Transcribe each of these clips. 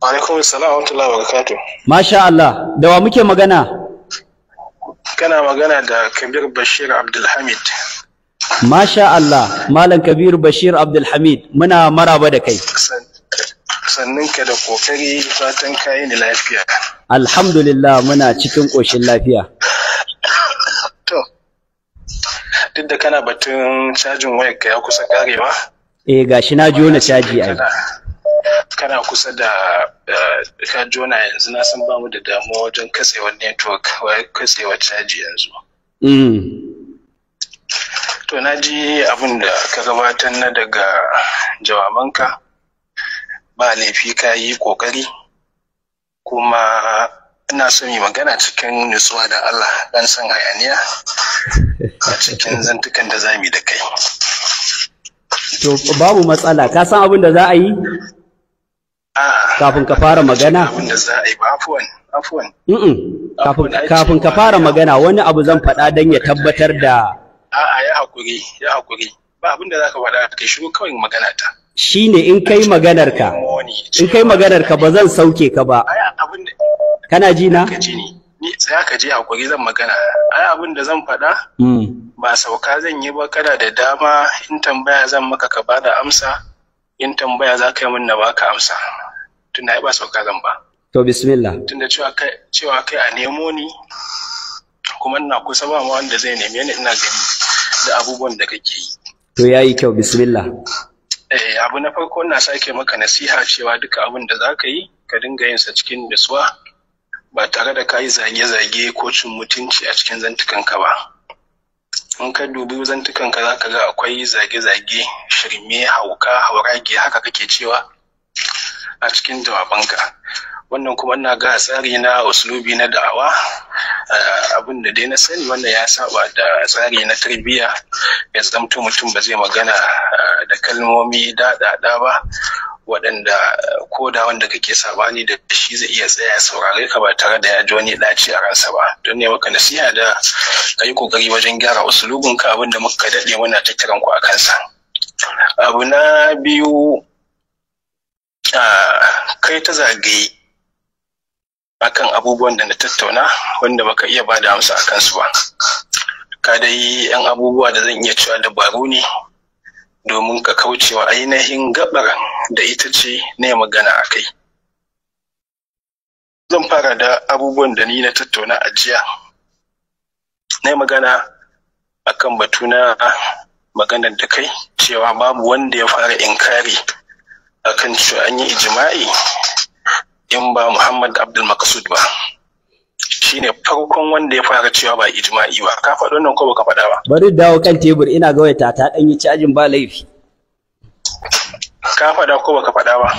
alaikum salam wa rahmatullahi wa barakatuh masha Allah da wa muke magana kana magana da Kabir Bashir Abdulhamid masha Allah malam Kabir Bashir Abdulhamid muna maraba da kai sannan ka da kokari fatan kai ni lafiya alhamdulillah muna cikin koshin lafiya to duk da kana batun cajin wayar ka ya kusa karewa eh gashi na jona caji ai kana kusa da eh, ka jona yanzu na san bamu da damuwa wajen katsewar network katsewar caji yanzu mm. to na ji abin da ka gabatar na daga jawabanka ba laifi ka yi kokari kuma ina son yi magana cikin nutsuwa da Allah dan san hayaniya a cikin zantukan da yi da kai to babu matsala ka san abin da za a yi kafin ka fara magana kafin ka fara magana wani abu zan faɗa don ya tabbatar da a'a ya hakuri ya hakuri ba abin da zaka faɗa kai shigo kawai magana ta shine in kai maganar ka in kai maganar ka ba zan sauke ka ba kana ji na ni sai ka ji hakuri zan magana ai abin da zan faɗa mm. ba sauka zan yi ba kana da dama in tambaya zan maka ka bada amsa Yin tambaya za ka yi min na ba ka amsa tun ba sauka zan ba to bismillah Tun cewa kai cewa kai a nemo ni kuma ina kusa ba ma wanda zai neme ni ina gani da abubuwan da kake yi to ya yi kyau bismillah eh abu na farko ina sake maka nasiha cewa duka abin da za ka yi ka dinga yin sa cikin nutsuwa ba tare da ka yi zage-zage ko cin mutunci a cikin zantukanka ba in ka dubi zantukan ka zaka ga akwai zage-zage shirme hauka haurage haka kake cewa a cikin jawabanka wannan kuma ina ga tsari na uslubi na da'awa eh, abin da dai na sani wannan ya saba da tsari na tarbiyya ya zamto mutum ba zai magana eh, da kalmomi daɗaɗa ba waɗanda eh, ko da wanda kake sabani da shi zai iya tsaya saurare ka ba tare da ya ji wani ɗaci a ransa ba don ne maka nasiha da ka yi ƙoƙari wajen gyara wasu ka abin da muka daɗe muna ta kiran ku a kansa abu na biyu kai ta zagaye akan abubuwan da na tattauna wanda baka iya bada amsa a kansu ba ka dai yan abubuwa da zan iya cewa dabaru ne domin ka kauce wa ainihin gabar da ita ce ne magana a kai. Zan fara da abubuwan da ni na tattauna a jiya. Na magana akan batu na maganar da kai cewa babu wanda ya fara inkari akan cewa an yi ijima'i in ba Muhammad Abdul Maksud ba. Shi ne farkon wanda ya fara cewa ba ijma'i ba ka faɗi wannan ko baka faɗa ba bari dawo kan tebur ina ga wayata ta dan yi cajin ba laifi ka faɗa ko baka faɗa ba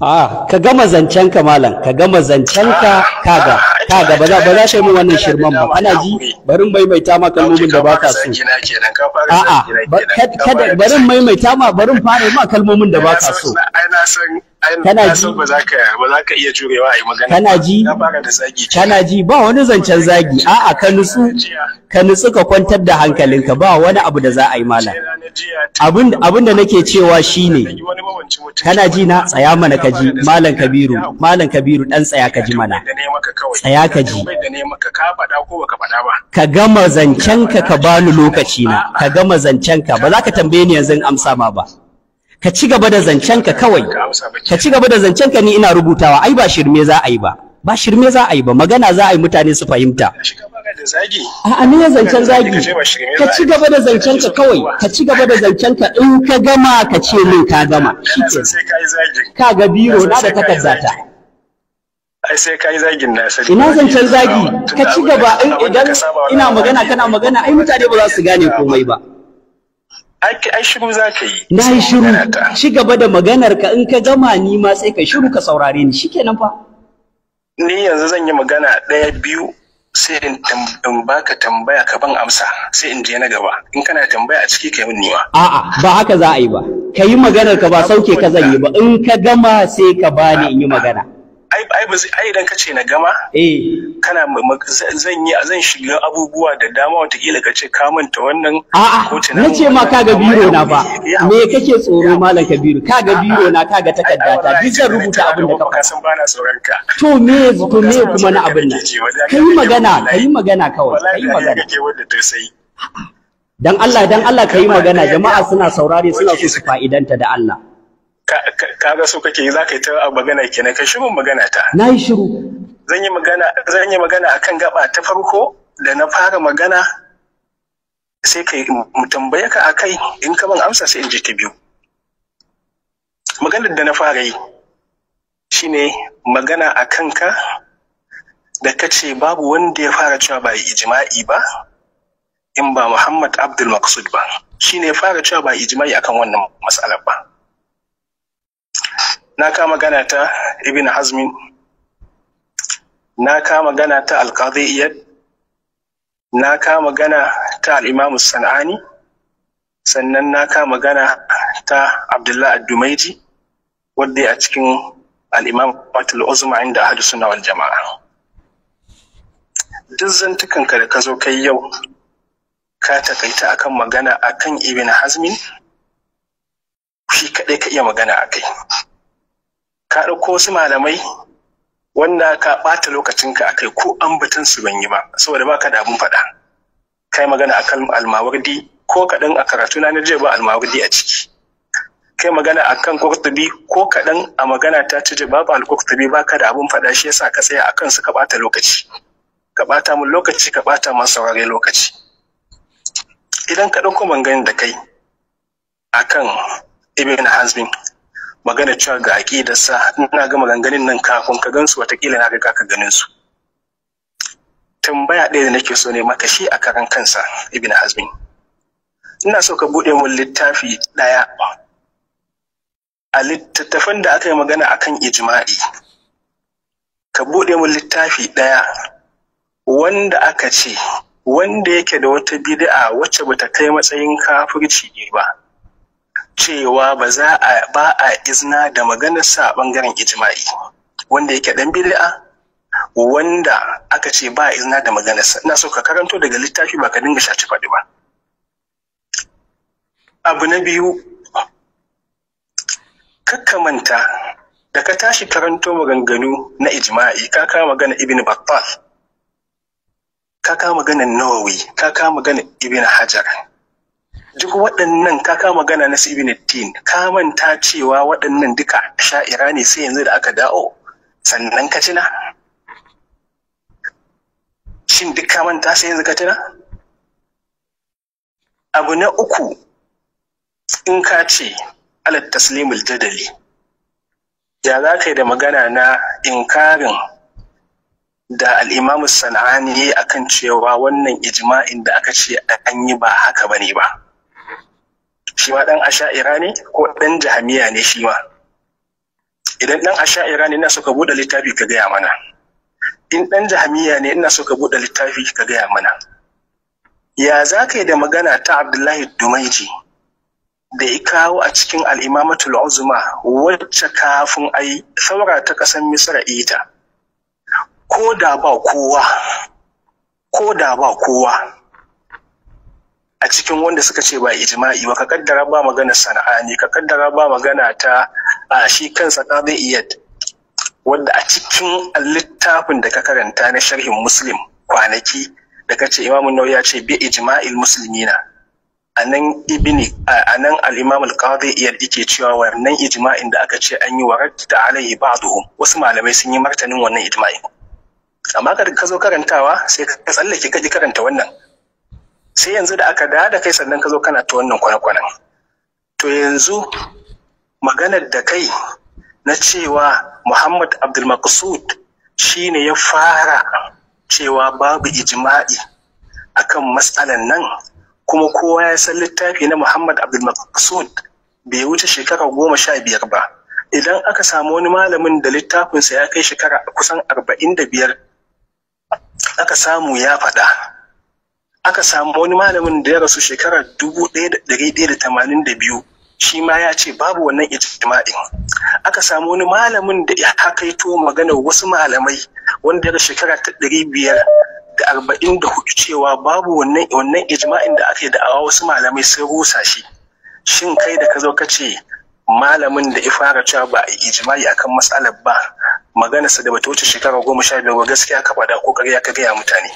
a ah, ka gama zancen ka malam ka gama zancen ka ah, kaga ah, kaga ba za ba za mu wannan shirman ba ana ji barin maimaita ma kalmomin da baka so a a kada barin maimaita ma barin fara ma kalmomin da baka so ai kana ji ba za ka iya jurewa a yi magana kana ji kana ji ba wani zancen zagi a'a ka nutsu ka nutsu ka kwantar da hankalinka ba wani abu da za a yi malam abin abin da nake cewa shine kana ji na tsaya mana ka ji malam kabiru malam kabiru dan tsaya ka ji mana tsaya ka ji ka gama zancen ka ka bani lokaci na ka gama zancen ka ba za ka tambaye ni yanzu in amsa ma ba ka ci gaba da zancenka kawai ka ci gaba da zancenka ni ina rubutawa ai ba shirme za a yi ba ba shirme za a yi ba magana za a yi mutane su fahimta A ni zancen zagi ka ci gaba da zancen ka kawai ka ci gaba da zancen ka in ka gama ka ce min ka gama ka ga biro na da takarda ta ai sai kai zagin na sai ina zancen zagi ka ci gaba idan ina magana kana magana ai mutane ba za su gane komai ba ai shiru za ka yi na yi shiru Shi gaba da maganar ka in ka gama ni ma sai ka shiru ka saurare ni shi nan fa ni yanzu zan yi magana ɗaya biyu sai in baka tambaya ka ban amsa sai in je na gaba in kana tambaya a ciki kai min ma. a'a ba haka za a yi ba ka yi maganar ka ba sauke ka zan yi ba in ka gama sai ka bani in yi magana ai ba ai idan kace na gama eh kana zan yi zan shiga abubuwa da dama wata kila kace ka manta wannan ko na ce ma kaga biro na ba me kake tsoro malam kabiru kaga biro na kaga takarda ta duk zan rubuta abin da ka faɗa san bana tsoron ka to me to me kuma na abin nan kai magana kai magana kawai kai magana kake wanda ta sai dan Allah dan Allah kai magana jama'a suna saurare suna so su fa'idanta da Allah ka ga so kake yi za ka yi ta magana kenan ka shirin magana ta na yi shiru zan yi magana zan yi magana akan gaba ta farko da na fara magana sai kai mu tambaye ka akai in ka ban amsa sai in ji ta biyu maganar da na fara yi shine magana a ka da ka ce babu wanda ya fara cewa ba ijima'i ba in ba Muhammad Abdul Maqsud ba shine ya fara cewa ba ijima'i akan wannan matsalar ba na ka magana ta ibn hazmin na ka magana ta alkazi iyad na ka magana ta al'imamu sana'ani sannan na ka magana ta Abdullahi ad-dumaiji wadda a cikin al'imam fatul uzma inda ahadu suna wal jama'a duk zantukanka da ka zo kai yau ka takaita akan magana akan ibn hazmin shi kaɗai ka iya magana a kai ka ɗauko wasu malamai wanda ka ɓata lokacinka a kai ko batun su ban yi ba saboda ka da abin faɗa kai magana a kalmar almawardi ko kaɗan a karatu na jiya ba almawardi a ciki kai magana a kan kurtubi ko kaɗan a magana ta ci babu alkurtubi baka da abin faɗa shi yasa ka tsaya kan su ka ɓata lokaci ka ɓata mun lokaci ka ɓata mun saurare lokaci idan ka ɗauko ganin da kai akan ibn hazmin magana cewa ga aƙidarsa ina ga maganganun nan kafin ka gansu watakila na ga kaka ganin su tambaya ɗaya da nake so ne maka shi a karan kansa ibn hazmin ina so ka buɗe mun littafi ɗaya a littattafan da aka yi magana akan ijma'i ka buɗe mun littafi ɗaya wanda aka ce wanda yake da wata bid'a wacce bata kai matsayin kafirci ba cewa ba za a ba a izina da maganar sa bangaren ijma'i wanda yake dan bid'a wanda aka ce ba a izina da maganar sa ina so ka karanto daga littafi ba ka dinga shaci faɗi ba abu na biyu kakkamanta da ka tashi karanto maganganu na ijma'i ka kama magana ibn battal ka kama magana nawawi ka kama magana ibn hajar duk waɗannan ka kama magana na sibin din ka manta cewa waɗannan duka sha'ira ne sai yanzu da aka dawo sannan ka cina? shin duk ka manta sai yanzu ka cina? abu na uku in ka ce alat taslimul jadali ya za ka yi da magana na inkarin da al'imamu sana'ani akan cewa wannan ijma'in da aka ce an yi ba haka bane ba shi ma ɗan asha'ira ne ko ɗan jahamiya ne shi ma idan ɗan asha'ira ne ina so ka buɗe littafi ka gaya mana in ɗan jahamiya ne ina so ka buɗe littafi ka gaya mana ya za ka yi da magana ta abdullahi dumaiji da ya kawo a cikin al'imamatul uzma wacce kafin a yi saura ta kasan misra ita ko ko da ba kowa a cikin wanda suka ce ba ijima'i ba ka kaddara ba magana sana'a ne ka kaddara ba magana ta a shi kansa qadi iyad wanda a cikin littafin da ka karanta na sharhin muslim kwanaki da ka ce imamu nau ya ce bi ijma'il muslimina nan ibini a nan imam al-qadi iyad yake cewa wannan ijma'in da aka ce an yi wa radda ba duhu. wasu malamai sun yi martanin wannan ijma'in amma ka zo karantawa sai ka tsallake ka ji karanta wannan sai yanzu da aka da kai sannan ka zo kana ta wannan kwanakwanan to yanzu maganar da kai na cewa muhammad abdulmaqsud ne ya fara cewa babu ijma'i akan matsalan nan kuma kowa ya san littafi na muhammad abdulmaqsud bai wuce shekara goma sha biyar ba idan aka samu wani malamin da littafinsa ya kai shekara kusan arba'in da biyar aka samu ya faɗa aka samu wani malamin da ya rasu shekarar dubu ɗaya da ɗari ɗaya da tamanin da biyu shi ma ya ce babu wannan ijma'in aka samu wani malamin da ya hakaito maganar wasu malamai wanda ya shekara ta ɗari biyar da arba'in da hudu cewa babu wannan wannan ijma'in da aka yi da'awa wasu malamai sun rusa shi shin kai da ka zo ka ce malamin da ya fara cewa ba a ijma'i akan matsalar ba maganarsa da bata wuce shekara goma sha biyar gaskiya ka faɗa ko ka gaya mutane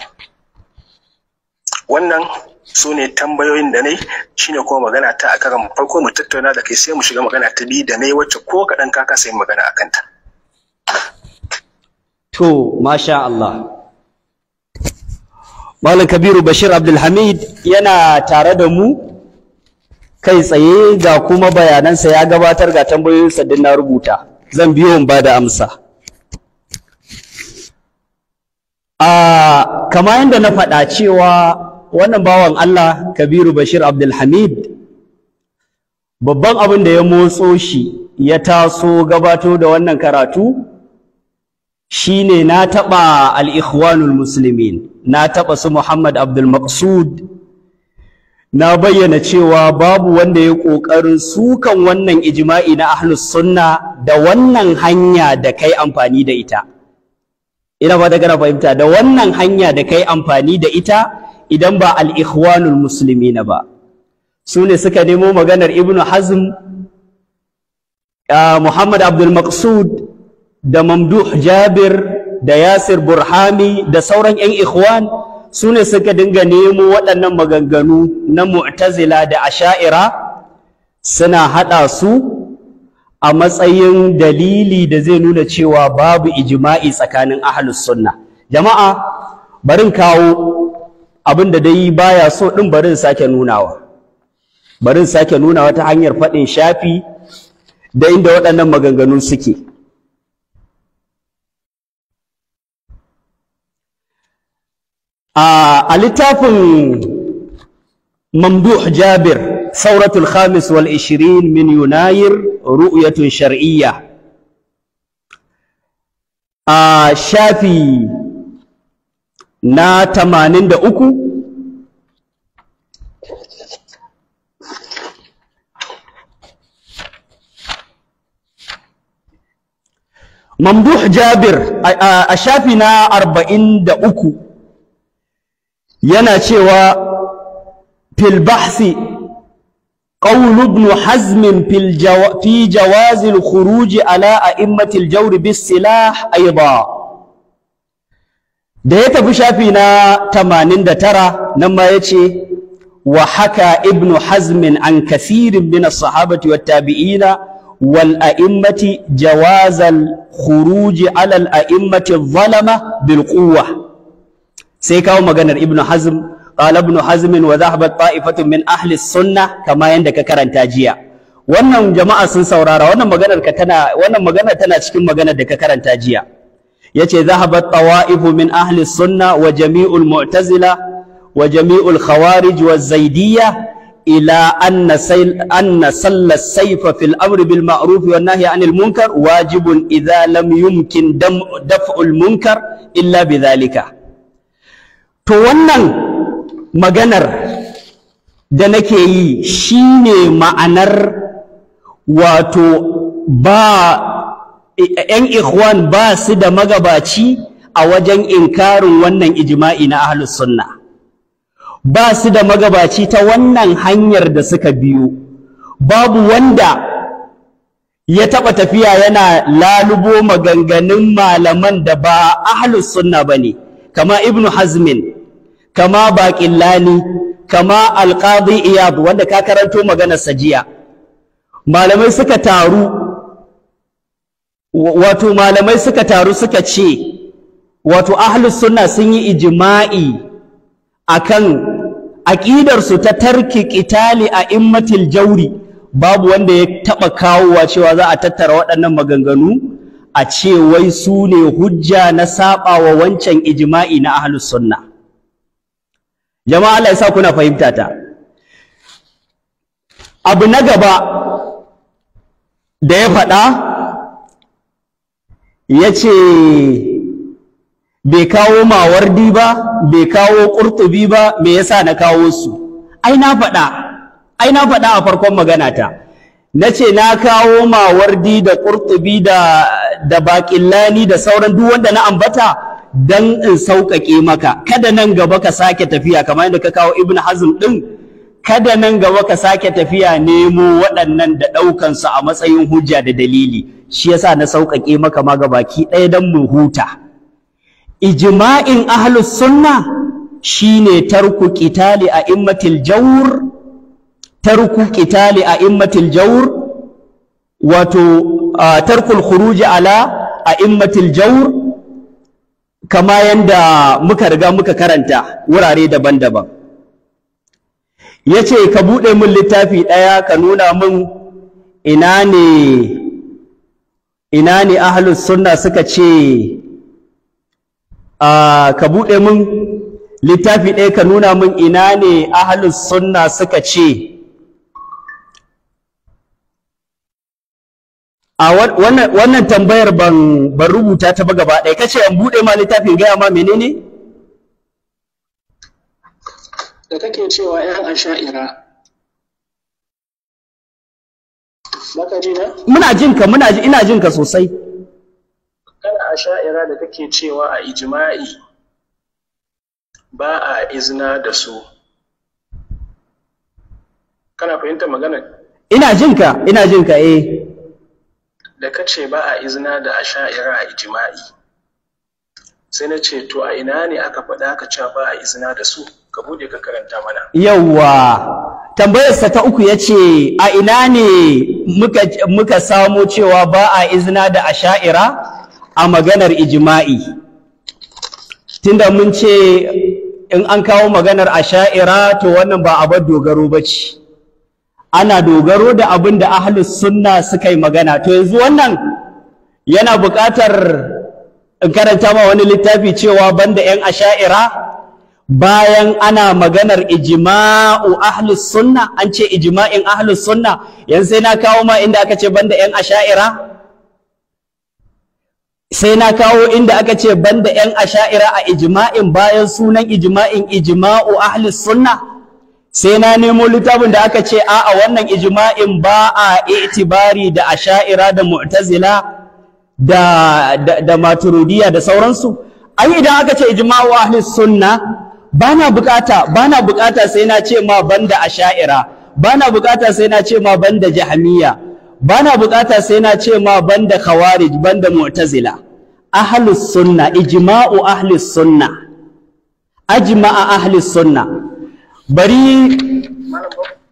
wannan su ne tambayoyin da ne shine kuma magana ta a karan farko mu tattauna da kai sai mu shiga magana ta biyu da ne wacce ko kaɗan ka kasa yin magana a kanta. To, masha Allah. Malam Kabiru Bashir Abdulhamid yana tare da mu kai tsaye ga kuma bayanansa ya gabatar ga tambayoyinsa din na rubuta. Zan biyo in ba da amsa. A ah, kama yadda na faɗa cewa wannan bawan Allah Kabiru Bashir Abdulhamid babban abin da ya motso shi ya taso gabato da wannan karatu shine na taɓa al-ikhwanul muslimin na taɓa su Muhammad Abdul Maqsud na bayyana cewa babu wanda ya ƙoƙarin sukan wannan ijma'i na ahlus sunna da wannan hanya da kai amfani da ita ina ba da fahimta da wannan hanya da kai amfani da ita idan ba alikwanul musulmi na ba su ne suka nemo maganar Ibn hazm ah, muhammad abdul maqsud da mamduh jabir da yasir burhami da sauran 'yan ikhwan su ne suka dinga nemo waɗannan maganganu na mu'tazila da asha'ira suna haɗa su a matsayin dalili da zai nuna cewa babu ijima'i tsakanin ahlus sunna jama'a barin kawo abin da dai baya so din barin sake nunawa barin sake nunawa ta hanyar faɗin shafi da inda waɗannan maganganun suke a littafin mamduh jabir sauratul khamis wal ishirin min yunayir ru'yatun shar'iyya a shafi na tamanin da uku mamduh jabir a shafi na arba'in da uku yana cewa fil bahsi قول ابن حزم في, الجو... في جواز الخروج على أئمة الجور بالسلاح أيضا da ya tafi shafi na 89 nan ma ya ce wa haka ibnu hazmin an kasirin min sahabati wa tabi'ina wal a'immati jawazal khuruji ala al a'immati zalama bil quwwa sai kawo maganar ibnu hazm qala ibnu hazm wa dhahabat ta'ifatun min ahli sunnah kama yanda ka karanta jiya wannan jama'a sun saurara wannan maganar ka tana wannan magana tana cikin maganar da ka karanta jiya Ya ce zahabat tawa'ifu min ahli sunna wa jami'ul mu'tazila wa jami'ul khawarij wa zaidiyya ila anna sayl anna salla sayfa fil amri bil ma'ruf wa nahyi anil munkar wajibun idza lam yumkin daf'ul munkar illa bidhalika to wannan maganar da nake yi shine ma'anar wato ba 'yan ikhwan ba su da magabaci a wajen inkarin wannan ijma'i na ahlus sunna ba su da magabaci ta wannan hanyar da suka biyu. babu wanda ya taɓa tafiya yana lalubo maganganun malaman da ba ahlus sunna ba ne kama Ibn hazmin kama Baƙin baƙillani kama alƙadi iyab wanda ka karanto maganar sajiya malamai suka taru wato malamai suka taru suka ce wato ahlus sunna sun yi ijima'i akan aƙidarsu ta tarki qitali a immatil jawri, babu wanda ya taɓa kawowa cewa za a tattara waɗannan maganganu a ce wai su ne hujja na saɓa wa wancan ijima'i na ahlus sunna jama'a Allah ya sa kuna fahimta ta abu na gaba da ya faɗa ya ce bai kawo mawardi ba bai kawo ƙurtubi ba me yasa na kawo su ai na faɗa ai a farkon magana ta na ce na kawo mawardi da ƙurtubi da da baƙillani da sauran duk wanda na ambata dan in sauƙaƙe maka kada nan gaba ka sake tafiya kamar yadda ka kawo ibn hazm din, kada nan gaba ka sake tafiya nemo waɗannan da ɗaukansu a matsayin hujja da dalili shi yasa na sauƙaƙe maka ma ga baki ɗaya don mu huta ijma'in ahlus sunna shine tarku qitali a immatil jawr tarku qitali a immatil jawr wato tarkul khuruj ala a immatil jawr kama yanda muka riga muka karanta wurare daban-daban yace ka bude min littafi daya ka nuna min ina ne ina ne ahlus sunna suka ce a ka buɗe mun littafi ɗaya ka nuna mun ina ne ahlus sunna suka ce a wannan tambayar ban rubuta ta ba gaba ɗaya kace an buɗe ma littafin gaya ma menene da kake cewa 'yan asha'ira muna jinka. muna ji ina jinka sosai kana asha'ira da kake cewa a ijma'i ba a izina da su kana fahimtar magana ina jinka. ina jinka eh da ka ce ba a izina da asha'ira a ijma'i sai na ce to a ina ne aka faɗa aka cewa ba a izina da su ka bude ka karanta mana yawwa tambayarsa ta uku ya ce a ina ne muka, samo cewa ba a izina da asha'ira a maganar ijima'i tunda mun ce in an kawo maganar asha'ira to wannan ba abin dogaro ba ce ana dogaro da abin da ahlus sunna suka yi magana to yanzu wannan yana buƙatar in karanta ma wani littafi cewa banda 'yan asha'ira bayan ana maganar ijma'u ahlus sunna an ce ijma'in ahlus sunna yanzu sai na kawo ma inda aka ce banda yan asha'ira sai na kawo inda aka ce banda yan asha'ira a ijma'in bayan sunan ijma'in ijma'u ahlus sunna sai na nemo littafin da aka ce a'a wannan ijma'in ba a itibari da asha'ira da mu'tazila da da, da maturidiya da sauransu ai idan aka ce ijma'u ahlus sunna bana bukata bana bukata sai na ce ma banda asha'ira bana bukata sai na ce ma banda jahmiya bana bukata sai na ce ma banda khawarij banda mu'tazila ahlus sunna ijma'u ahlus sunna ajma'a ahlus sunna bari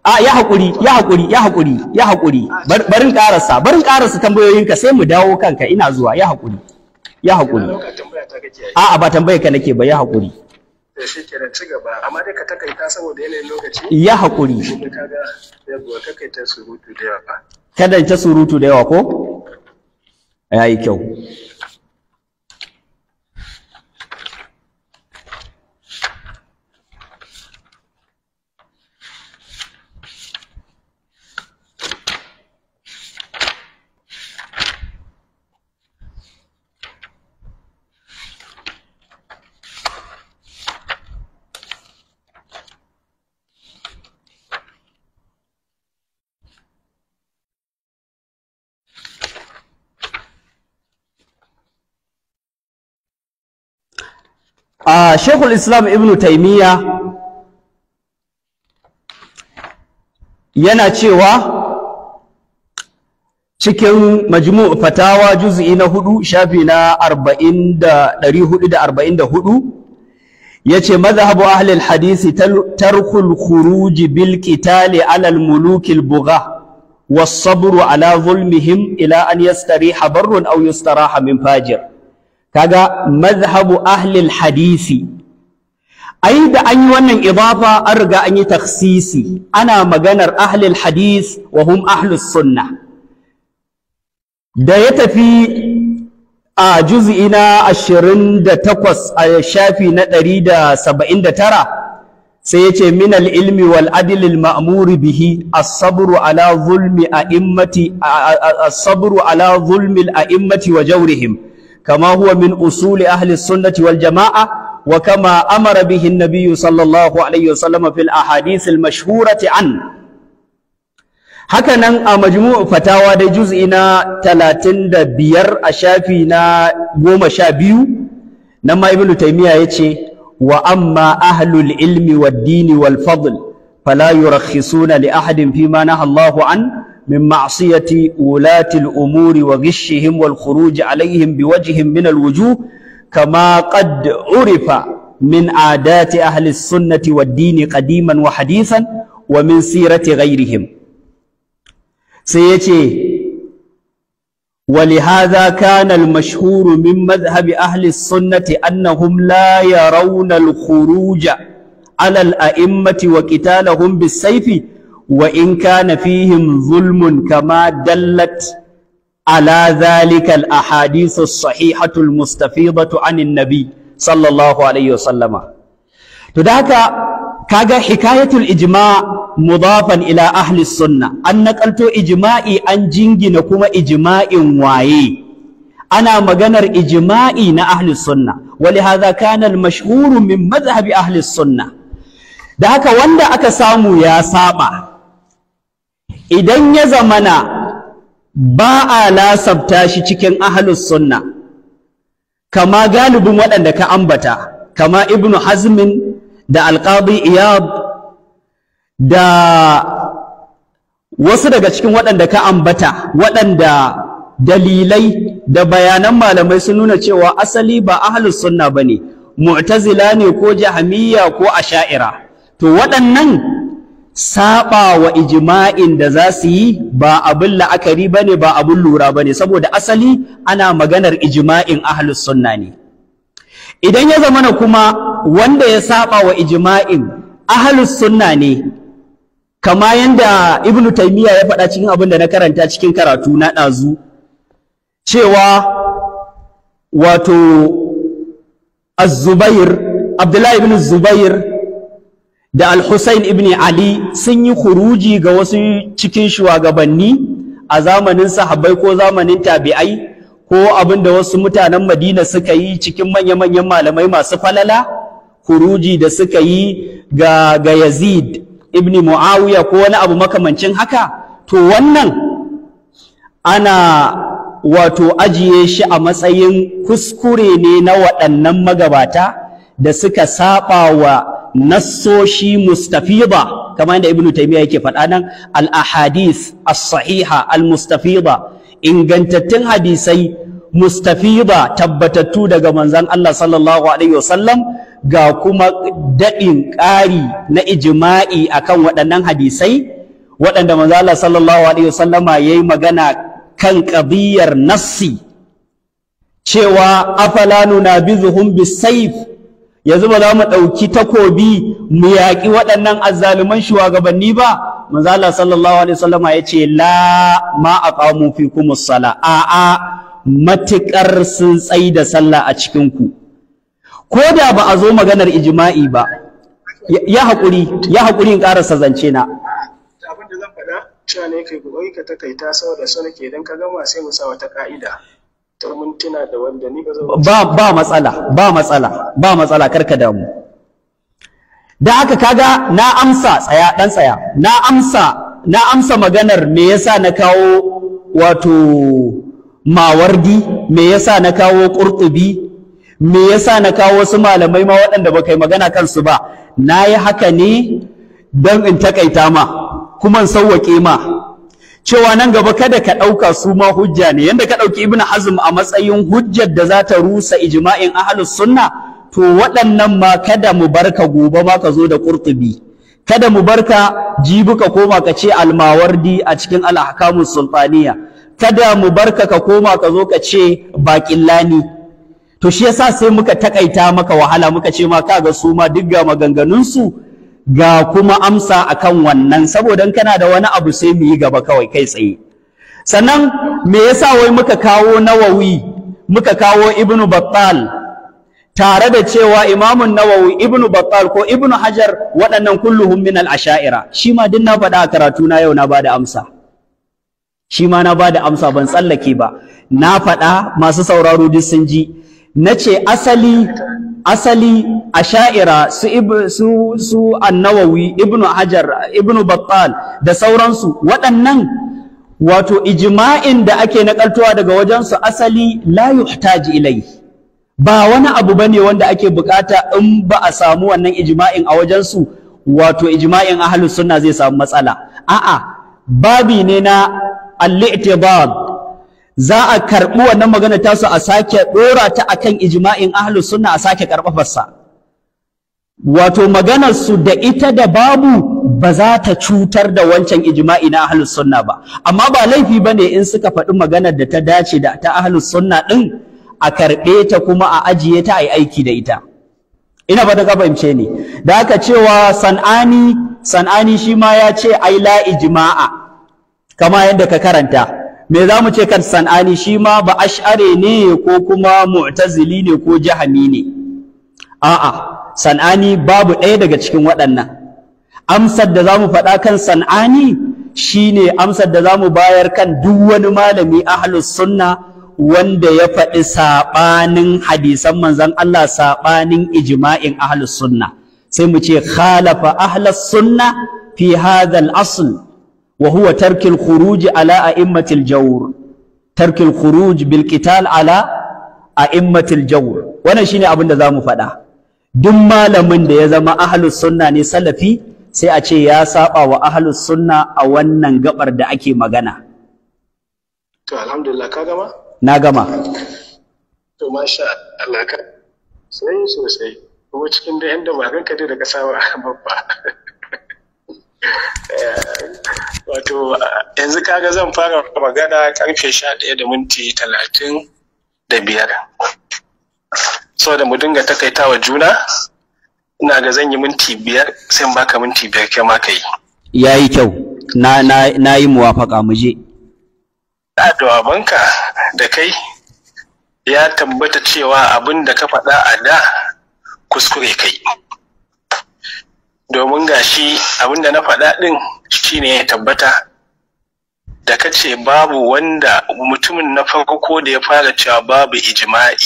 a ya hakuri ya hakuri ya hakuri ya hakuri barin karasa barin karasa tambayoyinka sai mu dawo kanka ina zuwa ya hakuri ya hakuri a'a ba tambayar ka nake ba ya hakuri da shi ke da ci gaba amma dai ka takaita saboda yanayin lokaci ya haƙuri kada ta surutu da yawa ko ya yi kyau a shekul islam ibn taimiyya yana cewa cikin majmu' fatawa juz'i na hudu shafi na ɗari da arba'in da hudu ya ce mazhabu ahlil hadisi tarkul khuruji bil qitali ala al mulukil bugha was ala zulmihim ila an yastariha barrun aw yastaraha min fajir kaga mazhabu ahlil hadisi ai da an yi wannan idafa an riga an yi taksisi ana maganar ahlil hadis wa hum ahlus sunna da ya tafi a juz'i na 28 a shafi na 179 sai yace min al-ilmi wal adl al ma'mur bihi as-sabru ala zulmi a'immati as-sabru ala zulmi al-a'immati wa jawrihim كما هو من أصول أهل السنة والجماعة وكما أمر به النبي صلى الله عليه وسلم في الأحاديث المشهورة عنه هكذا مجموع فتاوى دي جزئنا تلاتين دا بير أشافينا وما شابيو نما ابن تيمية يتشي وأما أهل العلم والدين والفضل فلا يرخصون لأحد فيما نهى الله عنه من معصية ولاة الأمور وغشهم والخروج عليهم بوجه من الوجوه كما قد عرف من عادات أهل السنة والدين قديما وحديثا ومن سيرة غيرهم سيتي ولهذا كان المشهور من مذهب أهل السنة أنهم لا يرون الخروج على الأئمة وقتالهم بالسيف wa in kana fihim zulmun kama dallat ala dhalika al ahadith as sahihatu al mustafidatu nabi sallallahu alaihi sallama. to da haka kaga hikayatul ijma mudafan ila ahli sunna an nakalto ijma'i an jingina kuma ijma'in waye ana maganar ijma'i na ahli sunna ولهذا كان المشهور min mazhabi ahli السنة da haka wanda aka samu ya saba idan ya zamana ba a lasabta shi cikin ahlus sunna kama galibin waɗanda ka ambata kama ibnu hazmin da alqadi iyab da wasu daga cikin waɗanda ka ambata waɗanda dalilai da bayanan malamai sun nuna cewa asali ba ahlus sunna ba bane mu'tazila ne ko jahamiyya ko asha'ira to waɗannan saba wa ijma'in da za su yi ba abin la'akari ba ne ba abin lura ba ne saboda asali ana maganar ijma'in ahlus sunna ne idan ya zamana kuma wanda ya saba wa ijma'in ahlus sunna ne kama yanda ibnu taymiya ya faɗa cikin abin da na karanta cikin karatu na ɗazu cewa wato az-zubair abdullahi ibn zubair da al-Husayn ibn Ali sun yi khuruji ga wasu cikin shugabanni a zamanin sahabbai ko zamanin tabi'ai ko abin da wasu mutanen Madina suka yi cikin manya-manyan malamai masu falala khuruji da suka yi ga, ga Yazid ibn Muawiya ko wani abu makamancin haka to wannan ana wato ajiye shi a matsayin kuskure ne na waɗannan magabata da suka saba wa nassoshi mustafida kamar yadda ibnu taymiya yake faɗa nan al ahadis as sahiha al mustafida ingantattun hadisai mustafida tabbatattu daga manzon Allah sallallahu alaihi wasallam ga kuma daɗin ƙari na ijima'i akan waɗannan hadisai waɗanda manzo Allah sallallahu alaihi wasallama yayi magana kan qadiyar nassi cewa afala nunabizuhum bisayf yanzu ba za mu ɗauki takobi mu yaƙi waɗannan azzaluman shugabanni ba manzo Allah sallallahu alaihi wasallama ce la ma aqamu fikum as-sala a a matikar sun tsai da sallah a cikin ku ko da ba a zo maganar ijma'i ba ya haƙuri ya haƙuri in ƙarasa zance na abin da zan faɗa cewa ne kai ka takaita saboda so idan ka gama sai mu sa wata ka'ida ba matsala ba matsala ba matsala karka damu da haka kaga na amsa tsaya dan tsaya na amsa na amsa maganar me yasa na kawo wato mawardi me yasa na kawo qurtubi me yasa na kawo su malamai ma waɗanda ba kai magana kansu ba na yi haka ne don in takaita ma kuma in sauwaƙe ma cewa nan gaba kada ka ɗauka su ma hujja ne yanda ka ɗauki ibn hazm a matsayin hujjar da za ta rusa ijma'in ahlus sunna to waɗannan ma kada mu barka gobe ma ka zo da qurtubi kada mu barka jibi ka koma ka ce almawardi a cikin al sultaniya kada mu barka ka koma ka zo ka ce Lani, to shi yasa sai muka takaita maka wahala muka ce ma ga su ma duk ga maganganunsu ga kuma amsa akan wannan saboda kana da wani abu sai mu yi gaba kawai kai tsaye sannan me yasa wai muka kawo nawawi muka kawo ibnu battal tare da cewa imamun nawawi ibnu battal ko ibnu hajar waɗannan kulluhum min al-asha'ira shi ma duk na faɗa a karatu na yau na bada amsa shi ma na bada amsa ban tsallake ba na faɗa masu sauraro duk sun ji na ce asali asali asha'ira su su su annawawi ibnu hajar ibnu battal da sauransu waɗannan wato ijma'in da ake nakaltuwa daga wajensu asali la yuhtaji ilai ba wani abu bane wanda ake bukata in ba a samu wannan ijima'in a wajensu wato ijma'in ahlus sunna zai samu matsala a'a babi ne na al-i'tibad za a karɓi wannan magana su a sake ɗora ta kan ijma'in ahlu sunna a sake karɓafarsa wato maganar su da ita da babu ba za ta cutar da wancan ijma'i na ahlu sunna ba amma ba laifi ba ne in suka faɗi maganar da ta dace da ta ahlu sunna ɗin a karɓe ta kuma a ajiye ta a yi aiki da ita ina ba ta fahimce ne da aka cewa san'ani san'ani shi ma ya ce ai la ijma'a kama yadda ka karanta me za mu ce kan san'ani shi ma ba ash'are ne ko kuma mu'tazili ne ko jahami ne a'a san'ani babu ɗaya daga cikin waɗannan amsar da za mu faɗa kan san'ani shine amsar da za mu bayar kan duk wani malami ahlus sunna wanda ya faɗi saɓanin hadisan manzon Allah saɓanin ijma'in ahlus sunna sai mu ce khalafa ahlus sunna fi hadha al-asl wa huwa tarkil khuruj ala a'immatil jawr tarkil khuruj bil qital ala a'immatil jawr wannan shine abin da zamu faɗa duk malamin da ya zama ahlus sunna ne salafi sai a ce ya saba wa ahlus sunna a wannan gabar da ake magana to alhamdulillah ka gama na gama to masha Allah ka sai sosai kuma cikin da yan da ba ganka da ka saba babba wato yanzu kaga zan fara magana karfe sha ɗaya da minti talatin da biyar so da mu dinga takaitawa juna ina ga zan yi minti biyar sai baka minti biyar kai ma kai ya yi kyau na na na yi muwafaka mu je da banka da kai ya tabbata cewa abin da ka faɗa a da kuskure kai domin ga shi abinda na faɗa ɗin shine ya tabbata da ka ce babu wanda mutumin na farko da ya fara cewa babu ijima'i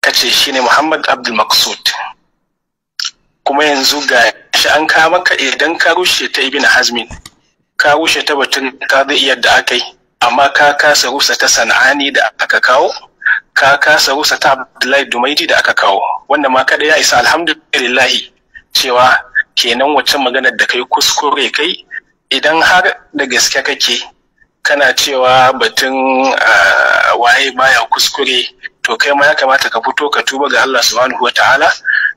ka ce shine muhammad abdul maksud kuma yanzu ga shi an ka maka idan ka rushe ta ibn hazmin ka rushe ta batun kadiyar da aka yi amma ka kasa rusa ta sana'ani da aka kawo ka kasa rusa ta abdullahi Dumaiti da aka kawo wanda ma kada ya isa alhamdulillahi cewa kenan wacce maganar da kai kuskure kai idan har da gaske kake kana cewa batun waye baya kuskure to kai ma ya kamata ka fito ka tuba ga Allah subhanahu wa ta'ala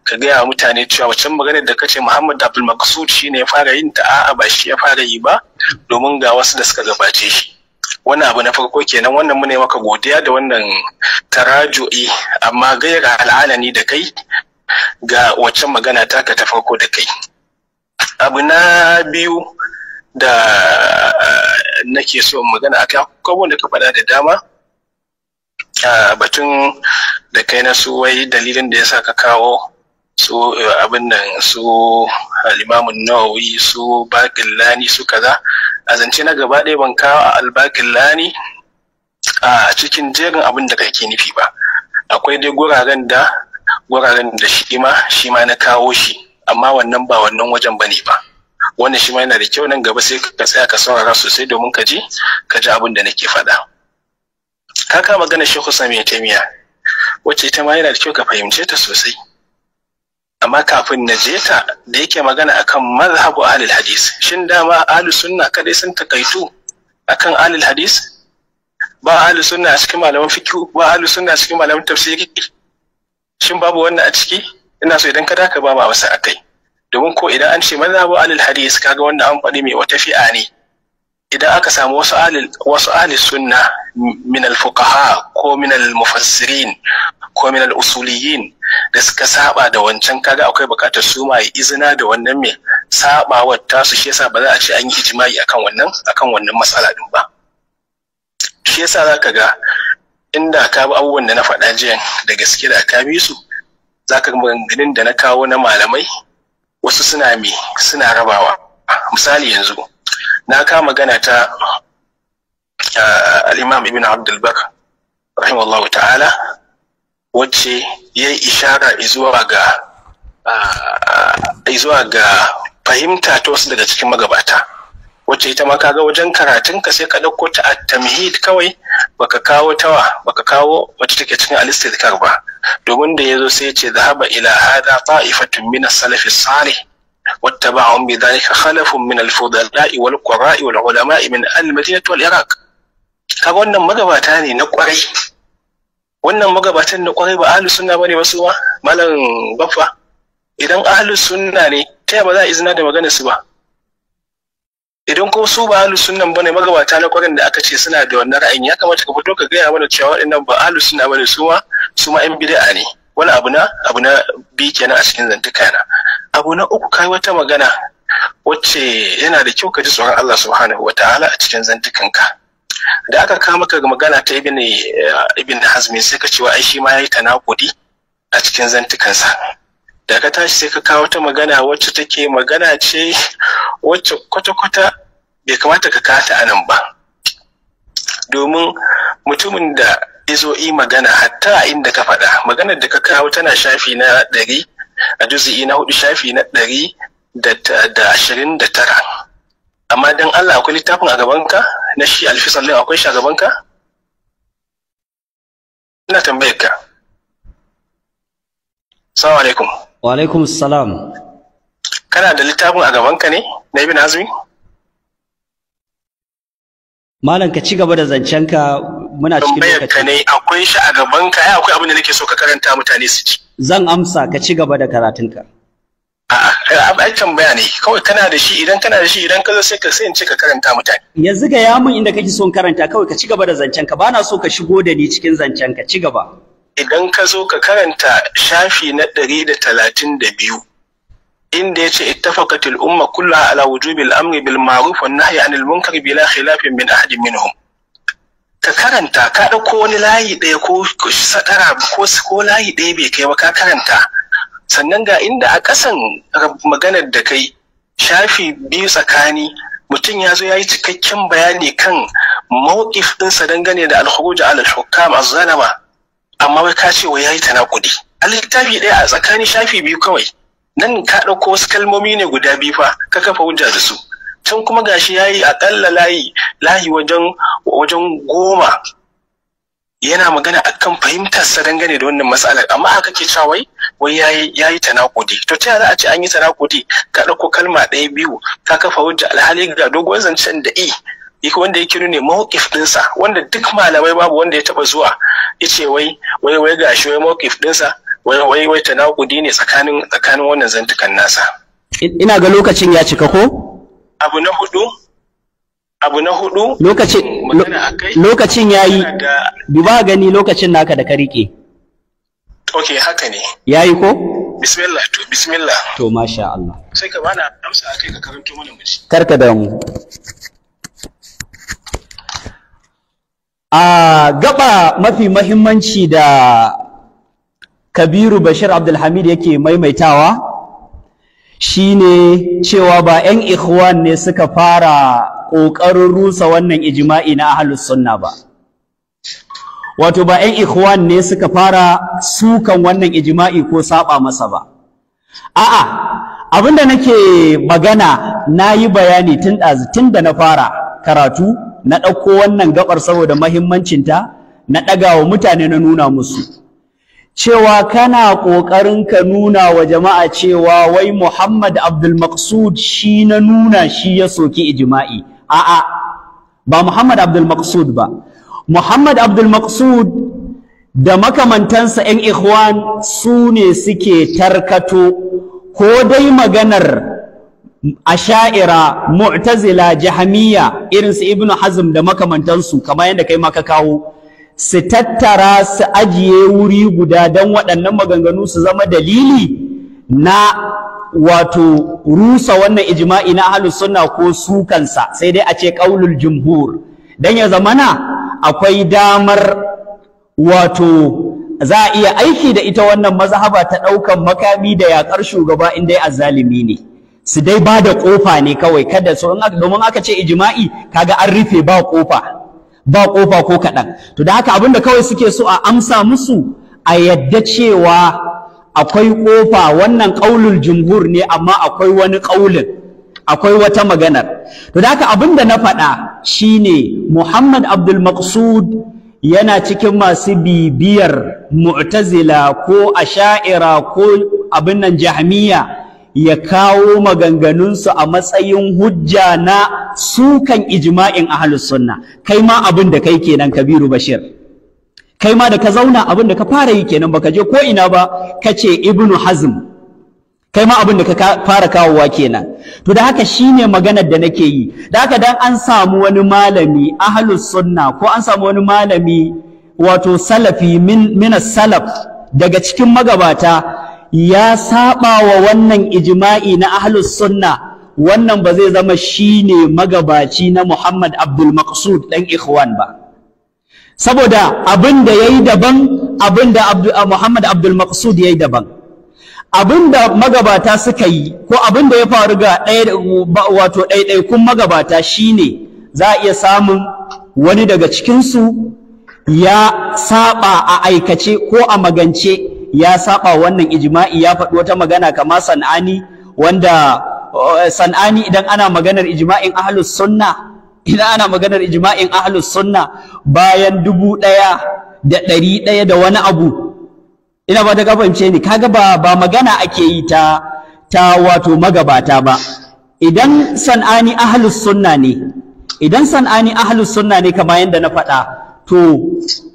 ka gaya wa mutane cewa wacce maganar da kace Muhammad Abdul Maqsud shine ya fara yin ta a'a ba shi ya fara yi ba domin ga wasu da suka gabace shi wannan abu na farko kenan wannan mune maka godiya da wannan taraju'i amma gaira al'alani da kai ga waccan magana taka ta farko da kai abu na biyu da eh, nake so magana a kan da ka faɗa da dama eh, batun da kai na su wai dalilin da ya sa ka kawo su eh, abin nan su limamin nawawi su bakin lani su kaza a zance na gaba ɗaya ban kawo albakin lani a cikin jerin abin da kake nufi ba akwai dai guraren da wuraren da shi ma shi ma na kawo shi amma wannan ba wannan wajen ba ne ba wannan shi ma yana da kyau nan gaba sai ka tsaya ka saurara sosai domin ka ji ka ji abin da nake faɗa Ka ka magana shehu ta taimiya wacce ita ma yana da kyau ka fahimce ta sosai amma kafin na je ta da yake magana akan mazhabu ahlul hadis shin dama ahlus sunna kadai sun takaitu akan ahlul hadis ba ahlus sunna a cikin malaman fiqh ba ahlus sunna a cikin malaman tafsiri shin babu wannan a ciki ina so idan ka daka ba ma wasu akai domin ko idan an ce mazhabu alil hadis ga wannan an faɗi mai wata fi'a ne idan aka samu wasu alil wasu sunna min al fuqaha ko min al mufassirin ko min al usuliyin da suka saba da wancan kaga akwai bukatar su ma izina da wannan mai saba wata su shi yasa ba za a ce an yi ijma'i akan wannan akan wannan matsala din ba shi yasa zaka ga inda ka bi abubuwan da na faɗa jiya da gaske da ka bi su za ka maganganun da na kawo na malamai wasu suna me suna rabawa misali yanzu na ka magana ta Alimam imam ibn abdulbar rahimallahu ta'ala wacce ya yi ishara izuwa zuwa ga fahimta ta wasu daga cikin magabata wacce ita ma kaga wajen karatun ka sai ka dauko ta a tamhid kawai baka kawo tawa baka kawo wacce take cikin alistidkar ba domin da yazo sai ya ce zahaba ila hada ta'ifatun min as-salaf as-salih wattaba'ahum bi dhalika khalafun min al-fudala'i wal qura'i wal ulama'i min al-madinah wal iraq kaga wannan magabata ne na kwarai wannan magabatan na kwarai ba ahlus sunna bane ba su ma malam baffa idan ahlus sunna ne ta ba za a izina da maganar su ba idan kuma su ba ahlus sunnan bane magabata na kwarin da aka ce suna da wannan ra'ayin ya kamata ka fito ka gaya mana cewa waɗannan ba ahlus sunna bane su ma su ma yan bid'a ne wani abu na abu na bi kenan a cikin zantuka na abu na uku kai wata magana wacce yana da kyau ka ji tsoron Allah subhanahu wataala a cikin zantukanka da aka kama maka magana ta ibn eh, ibn hazmi sai ka ce wa ai shi ma yayi tanakudi a cikin zantukansa da tashi sai ka kawo ta magana wacce take magana ce wacce kwata-kwata bai kamata ka kata a nan ba domin mutumin da izo yi magana hatta inda ka faɗa maganar da ka kawo tana shafi na ɗari a juzi'i na hudu shafi na ɗari da ashirin da tara amma don Allah akwai littafin a gabanka na shi alfisallin akwai shi a gabanka? ina tambayar ka. Assalamu alaikum. wa alaikum salam kana da littafin a gabanka ne na ibn azumi malam ka ci gaba da zancenka muna cikin lokaci ka ne akwai shi a gabanka ai akwai abin da nake so ka karanta mutane su ci. zan amsa ka ci gaba da karatunka a'a ai tambaya ne kawai kana da shi idan kana da shi idan ka zo sai ka sai ce ka karanta mutane yanzu ga yamin inda kake son karanta kawai ka ci gaba da zancenka bana so ka shigo da ni cikin zancenka ci gaba idan ka zo ka karanta shafi na ɗari da talatin da biyu inda ya ce ittafaqatil umma kullaha ala wujubi al-amri bil ma'ruf wan nahyi anil munkar bila khilafin min ahadin minhum ka karanta ka ɗauko wani layi ɗaya ko sadara ko ko layi ɗaya bai kai ba ka karanta sannan ga inda a ƙasan maganar da kai shafi biyu tsakani mutum ya zo ya yi cikakken bayani kan mawqif ɗinsa dangane da al-khuruj ala al-hukam amma wai ka ce wai yayi tanakudi a littafi ɗaya a tsakanin shafi biyu kawai nan ka ɗauko wasu kalmomi ne guda biyu fa ka kafa hujja da su can kuma gashi yayi akalla layi layi wajen goma yana magana a akan fahimtarsa dangane da wannan matsalar amma haka ke cewa wai wai yayi yayi tanakudi to ta za a ce an yi tanakudi ka ɗauko kalma ɗaya biyu ka kafa hujja alhali ga dogon zancen da i yake wanda yake nune mawakif dinsa wanda duk malamai babu wanda ya taba zuwa yace wai wai wai gashi wai mawakif dinsa wai wai wai naƙudi ne tsakanin tsakanin wannan zantukan nasa ina ga lokacin ya cika ko abu na hudu abu na hudu lokacin lokacin yayi duba gani lokacin naka da ka rike okay haka ne yayi ko bismillah to bismillah to masha Allah sai ka bana amsa kai ka karanto mana mu karka damu a gaba mafi mahimmanci da kabiru bashir abdulhamid yake maimaitawa shine cewa ba 'yan ikhwan ne suka fara ƙoƙarin rusa wannan ijima'i na ahalus sunna ba wato ba 'yan ikhwan ne suka fara sukan wannan ijima'i ko saba masa ba a'a abinda nake magana na yi bayani tun da na fara karatu na ɗauko wannan gabar saboda mahimmancinta na ɗaga wa mutane na nuna musu cewa kana ƙoƙarin ka nuna wa jama'a cewa wai Muhammad Abdul Maqsud shi na nuna shi ya soki ijma'i a'a ba Muhammad Abdul Maqsud ba Muhammad Abdul Maqsud da makamantansa 'yan ikhwan su ne suke tarkato ko dai maganar asha'ira mu'tazila jahamiya irin su ibnu hazm da makamantansu kamar yadda kai ma kawo su tattara su ajiye wuri guda don waɗannan maganganu su zama dalili na wato rusa wannan ijma'i na ahlus sunna ko su kansa sai dai a ce qaulul jumhur dan ya zamana akwai damar wato za a iya aiki da ita wannan mazhaba ta ɗaukan makami da yaƙar shugaba in dai azzalimi ne su dai ba da ƙofa ne kawai kada su domin aka ce ijma'i kaga an rufe ba ƙofa ba ƙofa ko kaɗan to da haka abinda kawai suke so a amsa musu a yadda cewa akwai ƙofa, wannan ƙaulul jumhur ne amma akwai wani ƙaulin akwai wata maganar to da haka abinda na faɗa shine Muhammad Abdul Maqsud yana cikin masu bibiyar mu'tazila ko asha'ira ko abin nan jahmiya ya kawo maganganunsu a matsayin hujja na sukan ijma'in ahlus sunna kai ma abin da kai kenan kabiru bashir kai ma da ka zauna abin da ka fara yi kenan baka je ko ina ba ka ce ibnu hazm kai ma abin da ka fara kawowa kenan to da haka shine maganar da nake yi da haka dan an samu wani malami ahlus sunna ko an samu wani malami wato salafi min salaf daga cikin magabata ya saba wa wannan ijma'i na ahlus sunna wannan ba zai zama shine magabaci na Muhammad Abdul Maqsud dan Ikhwan ba saboda abin da yayi daban abin da Muhammad Abdul Maqsud yayi daban abin da magabata suka yi ko abin da ya faru ga wato kun magabata shine za a iya samun wani daga cikinsu ya saba a aikace ko a magance ya saba wannan ijma'i ya faɗi wata magana kama san'ani wanda eh, san'ani idan ana maganar ijma'in ahlus sunna idan ana maganar ijma'in ahlus sunna bayan dubu ɗaya da ɗari ɗaya da wani abu ina ba ta gafance ni kaga ba ba magana ake yi ta ta wato magabata ba idan san'ani ahlus sunna ne idan san'ani ahlus sunna ne kama yadda na faɗa to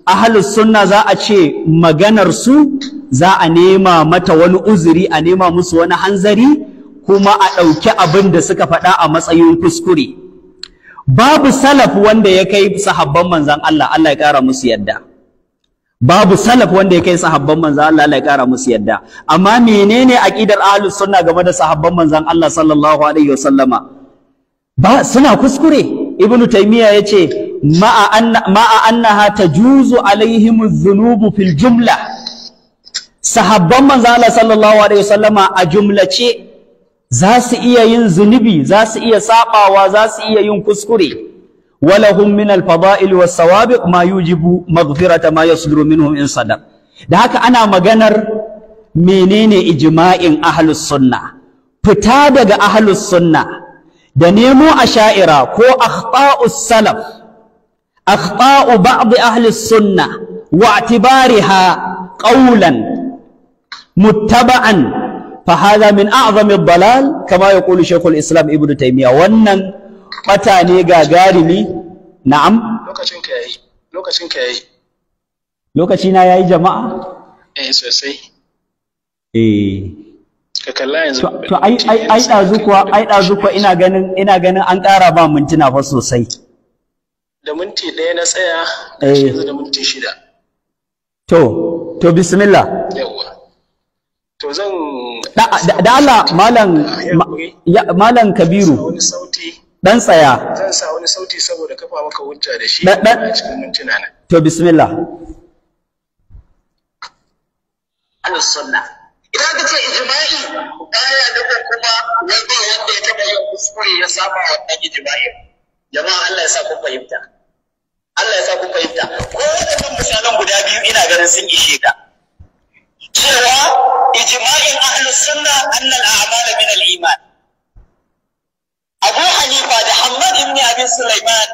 Ahalus sunna za a ce maganar su za a nema mata wani uzuri a nema musu wani hanzari kuma a ɗauki abin da suka faɗa a matsayin kuskure babu salaf wanda ya kai sahabban manzan Allah Allah ya ƙara musu yadda babu salaf wanda ya kai sahabban manzan Allah Allah ya ƙara musu yadda amma menene aqidar ahlus sunna game da sahabban manzan Allah sallallahu alaihi wasallama ba suna kuskure ibnu taymiya yace ma'a annaha tajuzu alaihim dhunubu fil jumla sahabban manzo Allah sallallahu alaihi wasallama a jumlace za su iya yin zunubi za su iya sabawa za su iya yin kuskure walahum min al-fada'il was-sawabiq ma yujibu maghfirata ma yasduru minhum in sadaq da haka ana maganar menene ijma'in ahlus sunna fita daga ahlus sunna da nemo asha'ira ko akhta'us salaf أخطاء بعض أهل السنة واعتبارها قولا متبعا فهذا من أعظم الضلال كما يقول شيخ الإسلام ابن تيمية ونن متاني غاغارمي نعم lokacina ya yi jama'a? eh sosai eh ka kalla yanzu to ai ai ai ɗazu kuwa ina ganin ina ganin an ƙara ba mintuna fa sosai da minti ɗaya na tsaya da shi eh. yanzu da minti shida to to bismillah yawwa to zan da Allah malam ah, malam Kabiru dan tsaya zan sa wani sauti saboda kafa maka hujja da shi a cikin mintuna na to bismillah al-sunna idan ka ce Ijima'i? baya nufin kuma wai ba wanda ya taɓa yin kuskure ya saba wannan Ijima'i? jama'a Allah ya sa ku fahimta Allah ya sa ku fahimta ko waɗannan misalan guda biyu ina ganin sun ishe ka cewa ijma'in ahlus sunna annal a'mal min al iman Abu Hanifa da Hamad ibn Abi Sulaiman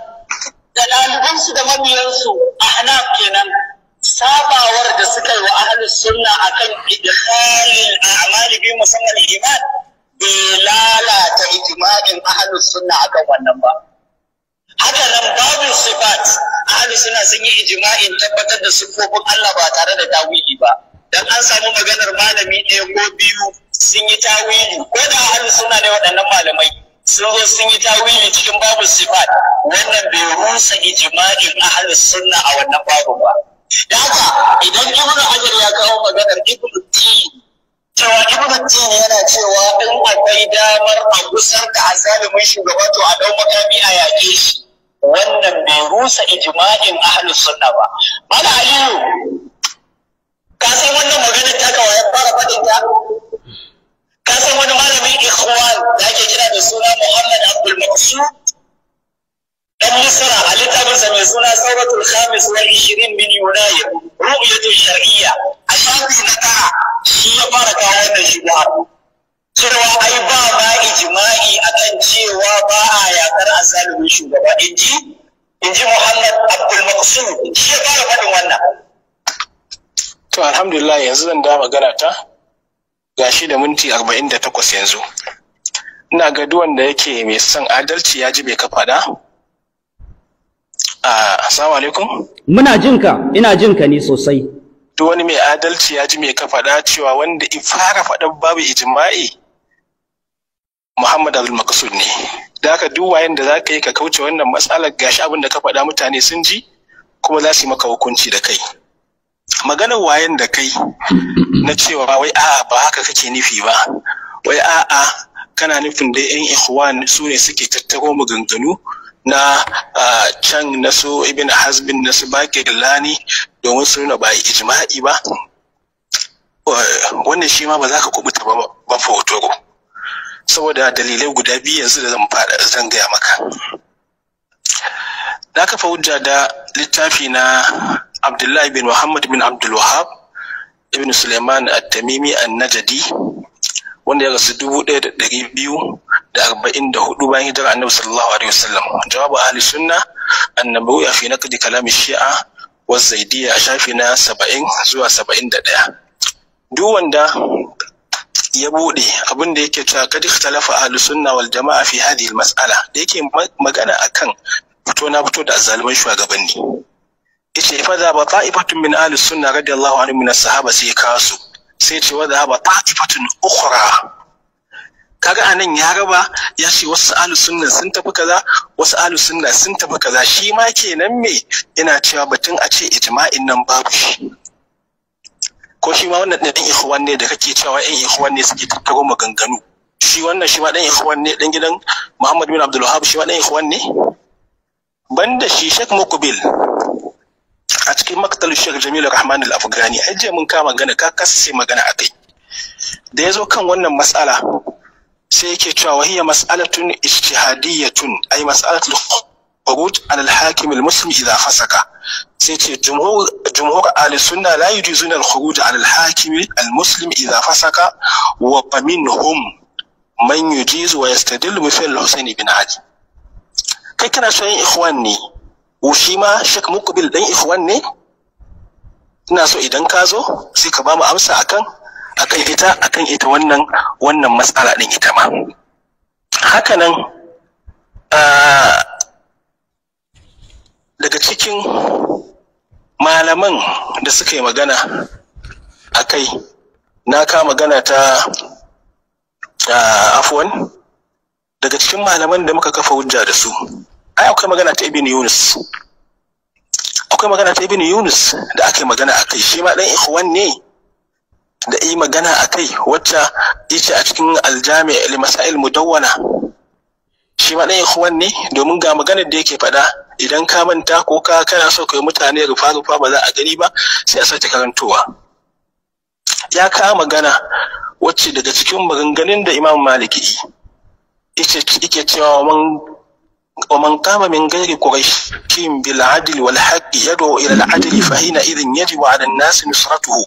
da ɗalibansu da mabiyansu Ahnaf kenan sabawar da suka yi wa ahlus sunna akan idkhalil a'mal bi musamman iman bai lalata ijma'in ahlus sunna akan wannan ba haka nan babu sifat ahli suna sun yi ijma'in tabbatar da sifofin Allah ba tare da tawili ba dan an samu maganar malami ɗaya ko biyu sun yi tawili ko da ahli suna ne waɗannan malamai sun zo sun yi tawili cikin babu sifat wannan bai rusa ijma'in ahli sunna a wannan babu ba da idan ibnu hajar ya kawo maganar ibnu tini cewa ibn tini yana cewa in akwai damar a gusar da azalimin shugaba to a dau makami a yake? shi wannan bai rusa ijma'in ahlus sunna ba mala aliyu ka san wannan magana ta kawai ya fara fadin ta ka san wani malamin ikhwan da ake kira da suna muhammad abdul maqsud dan misra a littafinsa mai suna sauratul khamis wal ishirin min yunayir ru'yatu shar'iyya a shafi na tara shi ya fara kawo wannan shubha cewa ai ba ma ijma'i akan cewa ba a yakar azalimin shugaba inji inji Muhammad Abdul Maqsud shi ya fara faɗin wannan to alhamdulillah yanzu zan da magana ta gashi da minti 48 yanzu ina ga duwanda yake mai son adalci ya ji bai kafa da ah, assalamu alaikum muna jinka ina jinka ne sosai duk wani mai adalci ya ji mai ka faɗa cewa wanda in fara faɗan babu ijma'i Muhammad Abdul Makasud ne. Da haka duk wayan da za ka yi ka kauce wannan matsalar gashi abin da ka faɗa mutane sun ji kuma za su yi maka hukunci da kai. Maganar wayan da kai na cewa wai a'a ba haka kake nufi ba. Wai a'a kana nufin da 'yan ikhwan su ne suke tattaro maganganu na can na su ibn hasbin na su baki lani domin su nuna ba ijma'i ba wannan shi ma ba za ka kubuta ba ba fotoro saboda dalilai guda biyu yanzu da zan fada zan gaya maka na kafa hujja da littafi na abdullahi bin muhammad bin abdul wahab ibn suleiman at-tamimi an-najadi wanda ya rasu dubu ɗaya da ɗari biyu da arba'in da hudu bayan hijirar annabi sallallahu alaihi wasallam jawabu ahli sunna annabawi ya fi naqdi kalamin shi'a wa zaidiya a shafi na saba'in zuwa saba'in da ɗaya duk wanda ya bude abin da yake cewa ka ikhtalafa ahlus sunna wal jama'a fi hadhihi al mas'ala da yake magana akan fito na fito da azzaluman shugabanni yace fa da ba ta'ifatun min ahlus sunna radiyallahu anhu min as-sahaba sai kasu sai ce wa da ba ta'ifatun ukhra kaga anan ya raba ya ce wasu ahlu sunna sun tafi kaza wasu ahlu sunna sun tafi kaza shi ma kenan me yana cewa batun a ce ijma'in nan babu shi ko shi ma wannan ɗan ikhwan ne da kake cewa ɗan ikhwan ne suke tattaro maganganu shi wannan shi ma ɗan ikhwan ne ɗan gidan Muhammad bin Abdul Wahab shi ma ɗan ikhwan ne banda shi Sheikh Mukbil a cikin maktal Sheikh Jamilu Rahman al-Afghani ai je mun kama magana ka kasse magana akai da yazo kan wannan mas'ala sai yake cewa hiya mas'alatun ijtihadiyyatun ai mas'alatul khuruj al hakim al muslim sunna la yujizuna al khuruj al hakim al muslim idha fasaka kai kana so yin ikhwan ne shi ma Sheikh Muqbil dan ikhwan ne ina so idan ka zo sai ka ba mu amsa akan ita wannan matsala ɗin ita ma haka nan daga cikin malaman da suka yi magana a kai na ka magana ta afuwan daga cikin malaman da muka kafa hujja da su ai akwai magana ta ibn yunus akwai magana ta ibn yunus da aka yi magana a kai shi ma ɗan ikhwan ne da yi magana a kai wacce yace a cikin aljami li masail mudawwana shi ma ɗan ikhwan ne domin ga maganar da yake faɗa idan ka manta ko ka kana so kai mutane rufa rufa ba za a gani ba sai a sake karantowa ya kama magana wacce daga cikin maganganun da imam maliki yake cewa wa man adl wal haqq yadu ila al adl fa hina idhin فحينئذ يجب على nas nusratuhu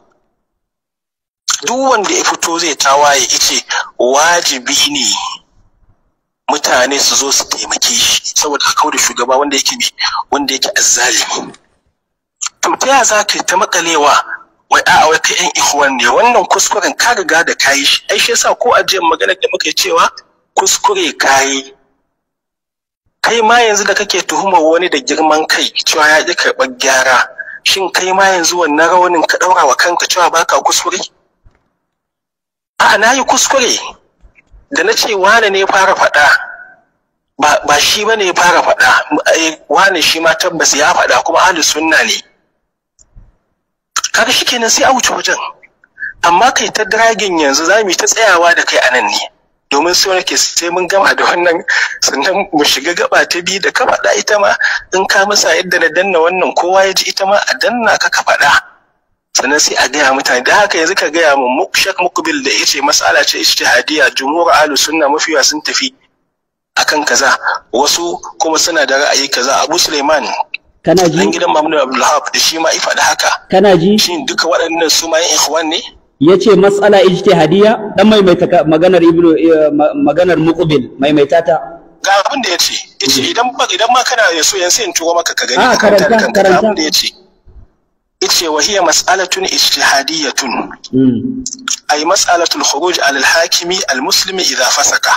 duk wanda ya fito zai tawaye ice wajibi ne mutane su zo su taimake shi saboda haka da shugaba wanda yake ne wanda yake azzalimi to ta ya za ka yi ta makalewa wai a'a wai kai yan ihuwan ne wannan kuskuren ka riga da ka yi shi ai shi yasa ko a jiyan maganar da muka yi cewa kuskure yi kai ma yanzu da kake tuhumar wani da girman kai cewa ya ƙi karɓar gyara shin kai ma yanzu wannan rawanin ka ɗaura wa kanka cewa baka kuskure a'a na yi kuskure da na ce wane ne fara faɗa ba shi ba ne fara faɗa eh, wane shi ma tabbas ya faɗa kuma ahli sunna ne kaga shi kenan sai a wuce wajen amma kai ta dragin yanzu za mu yi ta tsayawa da kai anan ne domin so ke sai mun gama da wannan sannan mu shiga gaba ta biyu da ka faɗa ita ma in ka masa yadda na danna wannan kowa ya ji ita ma a danna ka ka faɗa sannan sai a gaya mutane da haka yanzu ka gaya mu Muku mukbil da yace mas'ala ce ijtihadiyya jumhur ahlus sunna mafiya sun tafi akan kaza wasu kuma suna da ra'ayi kaza Abu Suleiman kana ji gidan Muhammad Abdulhab da shi ma ifa da haka kana ji shin duka waɗannan su ma ikhwan ne yace mas'ala ijtihadiyya dan maimaita maganar ibnu eh, maganar muqbil maimaita ta ga abin da yace yace mm. idan idan ma kana so yanzu in tuwo maka ka gani ah, ka karanta karanta abin da yace ice wa hiya mas'alatun ijtihadiyatun hmm. ay mas'alatul khuruj al hakimi al muslim idha fasaka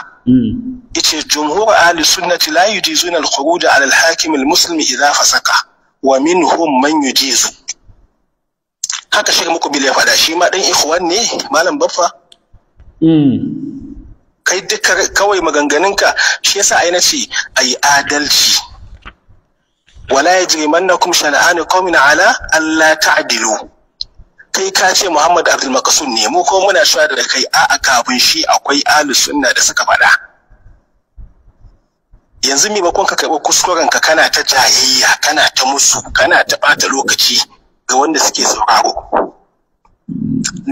ice hmm. jumhur ahli sunnati la yujizuna al khuruj al-hakim al muslim idha fasaka wa minhum man yujizu haka shi muku bile fada shi ma dan ikhwan ne malam baffa hmm. kai duka kawai maganganunka shi yasa ai nace ai adalci wala ya yajrimannakum shana'anu qaumin ala ta adilu kai ka ce Muhammad Abdul Maqsud ne mu ko muna shaida da kai a a kafin shi akwai ahli sunna da suka faɗa yanzu me bakon ka karɓi kuskuren ka kana ta jayayya kana ta musu kana ta ɓata lokaci ga wanda suke sauraro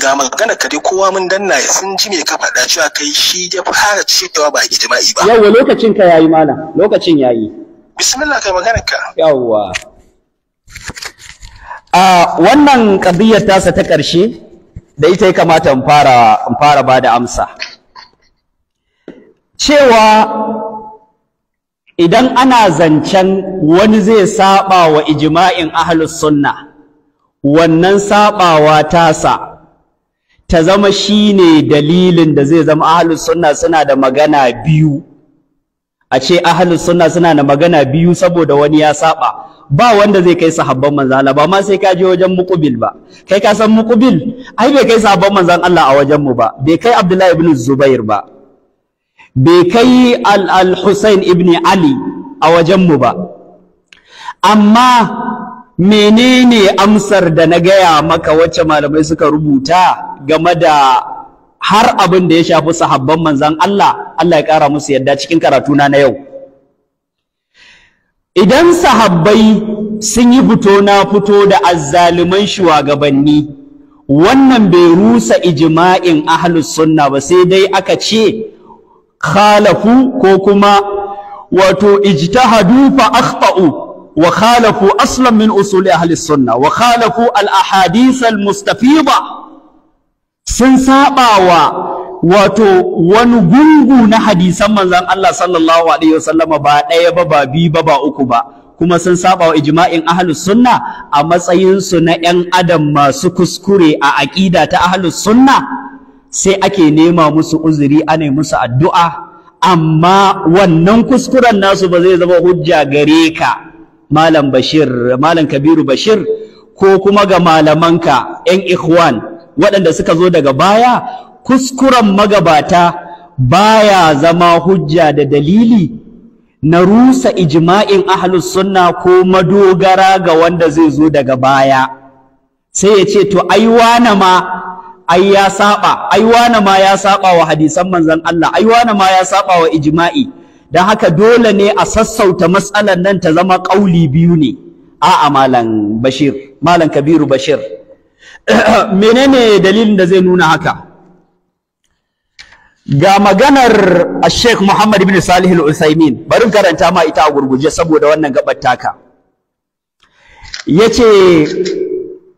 ga magana ka dai kowa mun danna sun ji me ka faɗa cewa kai shi ya fara cewa ba ijma'i ba yau lokacin ka yayi malam lokacin yayi bismillah kai maganarka yawwa a wannan ƙadiyar tasa ta ƙarshe da ita ya kamata in fara in ba amsa cewa idan ana zancen wani zai saba wa ijma'in ahlus sunna wannan sabawa tasa ta zama shine dalilin da zai zama ahlus sunna suna da magana biyu a ce ahalus sunna suna da magana biyu saboda wani ya saba ba wanda zai kai sahabban manzon Allah ba ma sai ka je wajen muqbil ba kai ka san muqbil ai bai kai sahabban manzan Allah a wajen mu ba bai kai Abdullahi ibn Zubair ba bai kai al-Husain ibn Ali a wajen mu ba amma menene amsar da na gaya maka wacce malamai suka rubuta game da har abin da ya shafi sahabban manzan Allah Allah ya ƙara musu yadda cikin karatuna na yau idan sahabbai sun yi fito na fito da azzaluman shugabanni wannan bai rusa ijma'in ahlus sunna ba sai dai aka ce khalafu ko kuma wato ijtahadu fa akhta'u usuli أصلا sunna wa khalafu al ahadith al المستفيضة sun saba wa wato wani gungu na hadisan manzon Allah sallallahu alaihi wasallam ba ɗaya ba ba biyu ba ba uku ba kuma sun saba wa ijma'in ahlus sunna a matsayinsu na 'yan adam masu kuskure a aƙida ta ahlus sunna sai ake nema musu uzuri ana musu addu'a amma wannan kuskuren nasu ba zai zama hujja gare ka malam bashir malam kabiru bashir ko kuma ga malamanka 'yan ikhwan waɗanda suka zo daga baya kuskuren magabata baya zama hujja da dalili na rusa ijima'in ahlus sunna ko madogara ga wanda zai zo daga baya sai ya ce to ai wane ma ai ya saba ai wane ma ya saba wa hadisan manzon Allah ai wane ma ya saba wa ijma'i dan haka dole ne a sassauta matsalar nan ta zama ƙauli biyu ne a'a malam Bashir malam Kabiru Bashir menene dalilin da zai nuna haka ga maganar Sheikh Muhammad ibn Salih al-Utsaimin bari karanta ma ita a gurguje saboda wannan gabar taka yace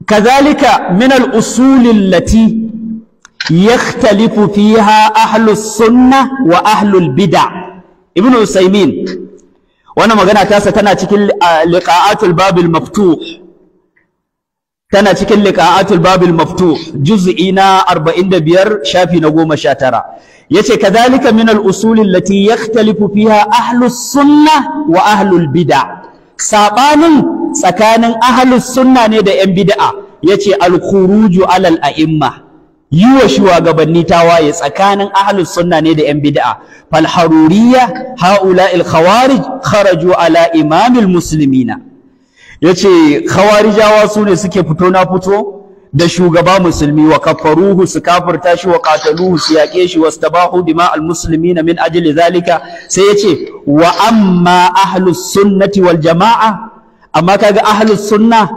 kazalika min al-usul allati yakhtalifu fiha ahlu sunnah wa ahlu al-bid'ah ibn Utsaimin wannan magana tasa tana cikin ah, liqa'atul babil maftuh tana cikin liqa'atul babil maftu juz'i na 45 shafi na 19 yace kadhalika min al-usul allati yakhtalifu fiha ahlu sunnah wa ahlul bid'ah sabanin tsakanin ahlus ne da yan bida'a. yace al-khuruju alal a'imma yi wa shugabanni tawaye tsakanin ahlu sunna ne da yan bida'a. fal haruriyya haula'il khawarij kharaju ala imamil muslimina yace khawarijawa su ne suke fito na fito da shugaba musulmi wa kafaruhu su kafirta shi wa qataluhu su yaƙe shi dima almusulmi na min ajili zalika sai yace wa amma ahlus sunnati wal jama'a amma kaga ahlus sunna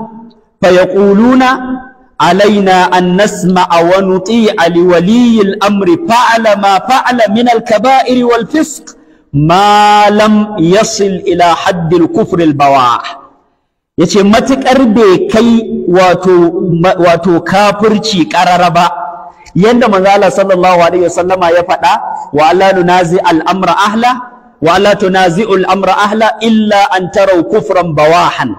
fa yaquluna alaina an nasma'a wa nuti'a li waliyil amri fa'ala ma fa'ala min al kaba'iri wal fisq ma lam yasil ila haddil kufri al bawa' ya ce matuƙar bai kai wato kafurci ƙarara ba yadda manzo Allah sallallahu alaihi wasallama ya faɗa wa Allah nunazi al'amra ahla wa Allah tunazi'u al'amra ahla illa an tarau kufran bawahan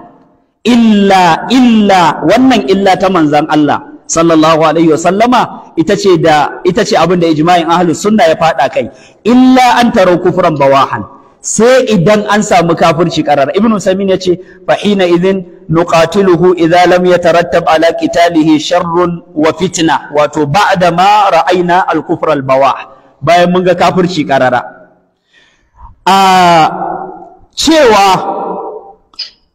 illa illa wannan illa ta manzan Allah sallallahu alaihi wasallama ita ce da ita ce abin da ijma'in ahlus sunna ya faɗa kai illa an tarau kufran bawahan sai idan an samu kafirci karara Ibn samin ya ce fa hina idhin nuqatiluhu idza lam yatarattab ala qitalihi sharrun wa fitna wato ba'da ma ra'ayna al-kufra al-bawah bayan mun ga kafirci karara a cewa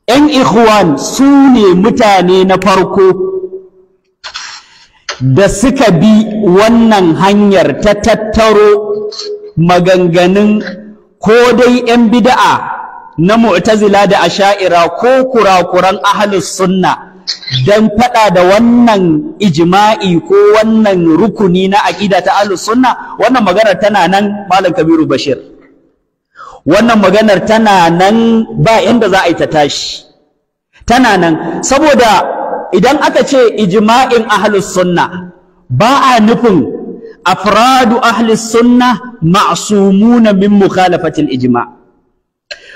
yan ikhwan su ne mutane na farko da suka bi wannan hanyar ta tattaro maganganun ko dai 'yan bida'a na mu'tazila da asha'ira ko kurakuran ahlus sunna dan fada da wannan ijima'i ko wannan rukuni na aƙida ta ahlus sunna wannan maganar tana nan malam kabiru bashir wannan maganar tana nan ba yanda za a yi ta tashi tana nan saboda idan aka ce ijma'in ahlus sunna ba a nufin afradu ahli sunna ma'sumuna min mukhalafatil ijma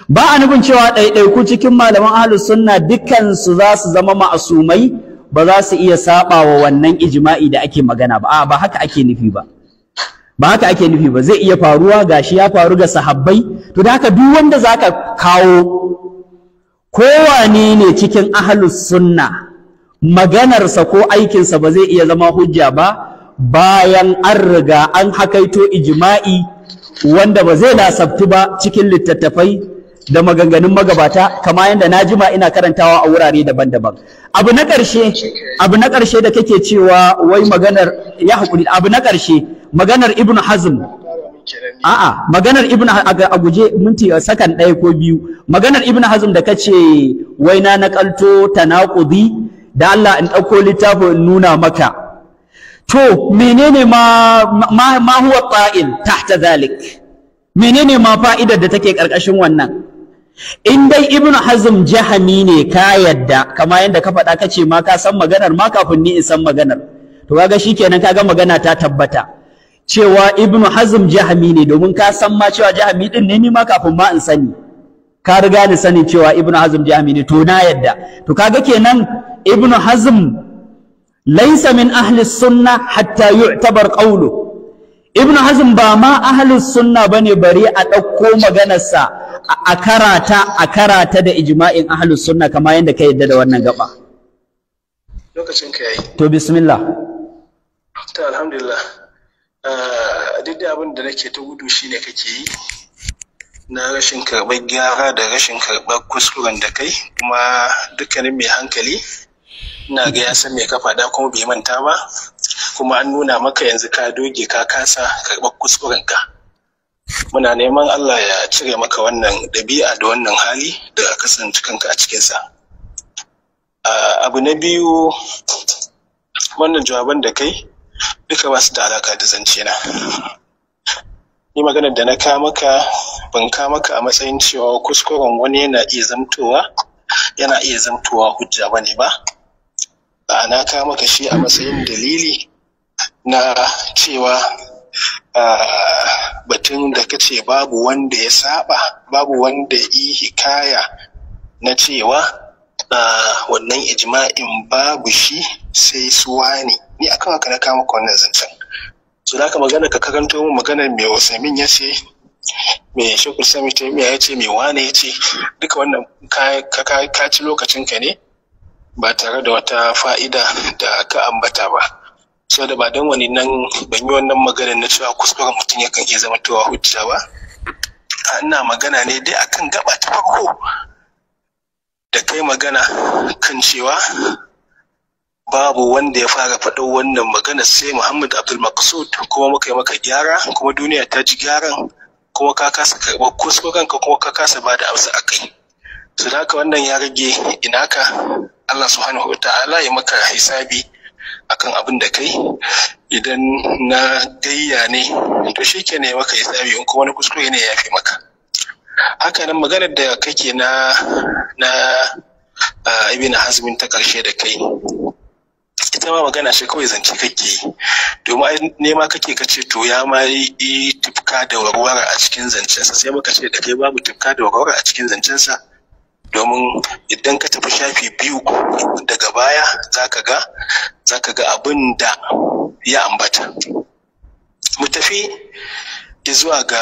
ba a nufin cewa ɗaiɗaiku cikin malaman ahli sunna dukansu za su zama ma'sumai ba za su iya saba wannan ijma'i da ake magana ba ba haka ake nufi ba ba haka ake nufi ba zai iya faruwa gashi ya faru ga sahabbai to da haka duk wanda zaka kawo kowane ne cikin ahlus sunna maganarsa ko aikinsa ba zai iya zama hujja ba bayan an riga an hakaito ijma'i wanda ba zai nasabtu ba cikin littattafai da maganganun magabata kama yadda na jima ina karantawa a wurare daban-daban abu na ƙarshe abu na ƙarshe da kake cewa wai maganar ya hakuri abu na ƙarshe maganar ibn hazm a'a maganar ibn a guje minti sakan ɗaya ko biyu maganar ibn hazm da kace wai na naƙalto tanaƙudi da Allah in ɗauko littafin nuna maka to menene ma ma, ma huwa ta'il tahta zalik menene ma fa'idar da take karkashin wannan in dai ibn hazm jahami ne ka yadda kama yadda ka faɗa kace ma ka san maganar ma kafin ni in san maganar to kaga shikenan kaga magana ta tabbata cewa ibnu hazm jahami ne domin ka san ma cewa jahami din ne ni ma kafin ma in sani ka riga ni sani cewa ibnu hazm jahami ne to na yadda to kaga kenan ibnu hazm Laisamin min ahli sunna hatta yu'tabar qawlu ibn hazm ba ma ahli sunna bane bari a ɗauko maganarsa a karata a karata da ijma'in ahli kama yadda ka yadda da wannan gaba lokacin ka yayi to bismillah to alhamdulillah duk da abin da nake ta gudu shine kake yi na rashin karɓar gyara da rashin karɓar kuskuren da kai kuma dukkanin mai hankali ina ga ya san me ka faɗa kuma bai manta ba kuma an nuna maka yanzu ka doge ka kasa karɓar ka muna neman Allah ya cire maka wannan ɗabi'a da wannan hali da kasance kanka a cikinsa abu na biyu wannan jawaban da kai duka ba su da alaka da zance na ni maganar da na ka maka ban ka maka a matsayin cewa kuskuren wani yana iya zamtowa yana iya zamtowa hujja bane ba na kawo maka shi a matsayin dalili na cewa batun da ka ce babu wanda ya saba babu wanda yi hikaya na cewa wannan ijma'in babu shi sai suwa ne ni a haka na kawo maka wannan zancen su da ka magana ka karanto mu maganar mai min ya ce mai shekul sami ya ce mai wane ya ce duka wannan ka ci lokacin ka ne ba tare da wata fa'ida da ka ambata ba So da ba don wani nan ban yi wannan maganar na cewa kuskuren mutum yakan iya zama towa hujja ba ina magana ne dai akan gaba ta farko da kai magana kan cewa babu wanda ya fara faɗo wannan magana sai Muhammad Abdul Maqsud kuma muka yi maka gyara kuma duniya ta ji gyaran kuma ka kasa karɓar kuskuren ka kuma ka kasa ba da amsa a kai. Su da haka wannan ya rage ina ka? Allah subhanahu ta'ala ya maka hisabi akan abin da kai idan na gayya ne to shi ke ne maka hisabi in kuma wani kuskure ne ya fi maka haka nan maganar da kake na na ibn hazmin ta karshe da kai ita ma magana shi kawai zance kake yi domin nema kake ka ce to ya ma yi tufka da warwara a cikin zancensa sai muka ce da kai babu tufka da warwara a cikin zancensa domin idan ka tafi shafi biyu daga baya za ga ga abin da ya ambata mu tafi zuwa ga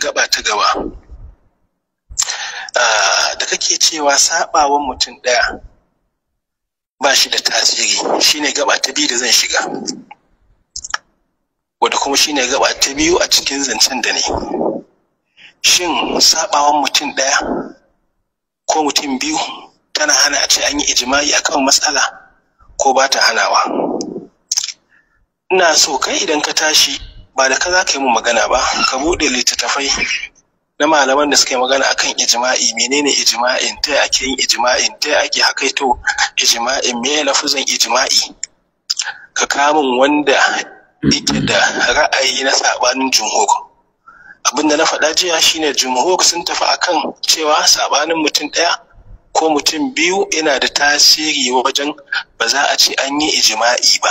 gaba ta gaba ah, da kake cewa sabawan mutum ɗaya ba shi da tasiri shine gaba ta biyu da zan shiga wadda kuma shine gaba ta biyu a cikin zancen da ne shin sabawan mutum ɗaya ko mutum biyu tana hana a ce an yi ijimai akan matsala ko ba ta hanawa ina so kai idan ka tashi ba da ka za ka yi mu magana ba ka buɗe littattafai na malaman da suka yi magana akan ijima'i menene ijima'in ta ake yin ijima'in ta ake hakaito ijima'in me lafuzan ijima'i ka kamun wanda yake da ra'ayi na sabanin jumhur abin da na faɗa jiya shine jumhur sun tafi akan cewa sabanin mutum ɗaya ko mutum biyu yana da tasiri wajen ba za a ce an yi ijima'i ba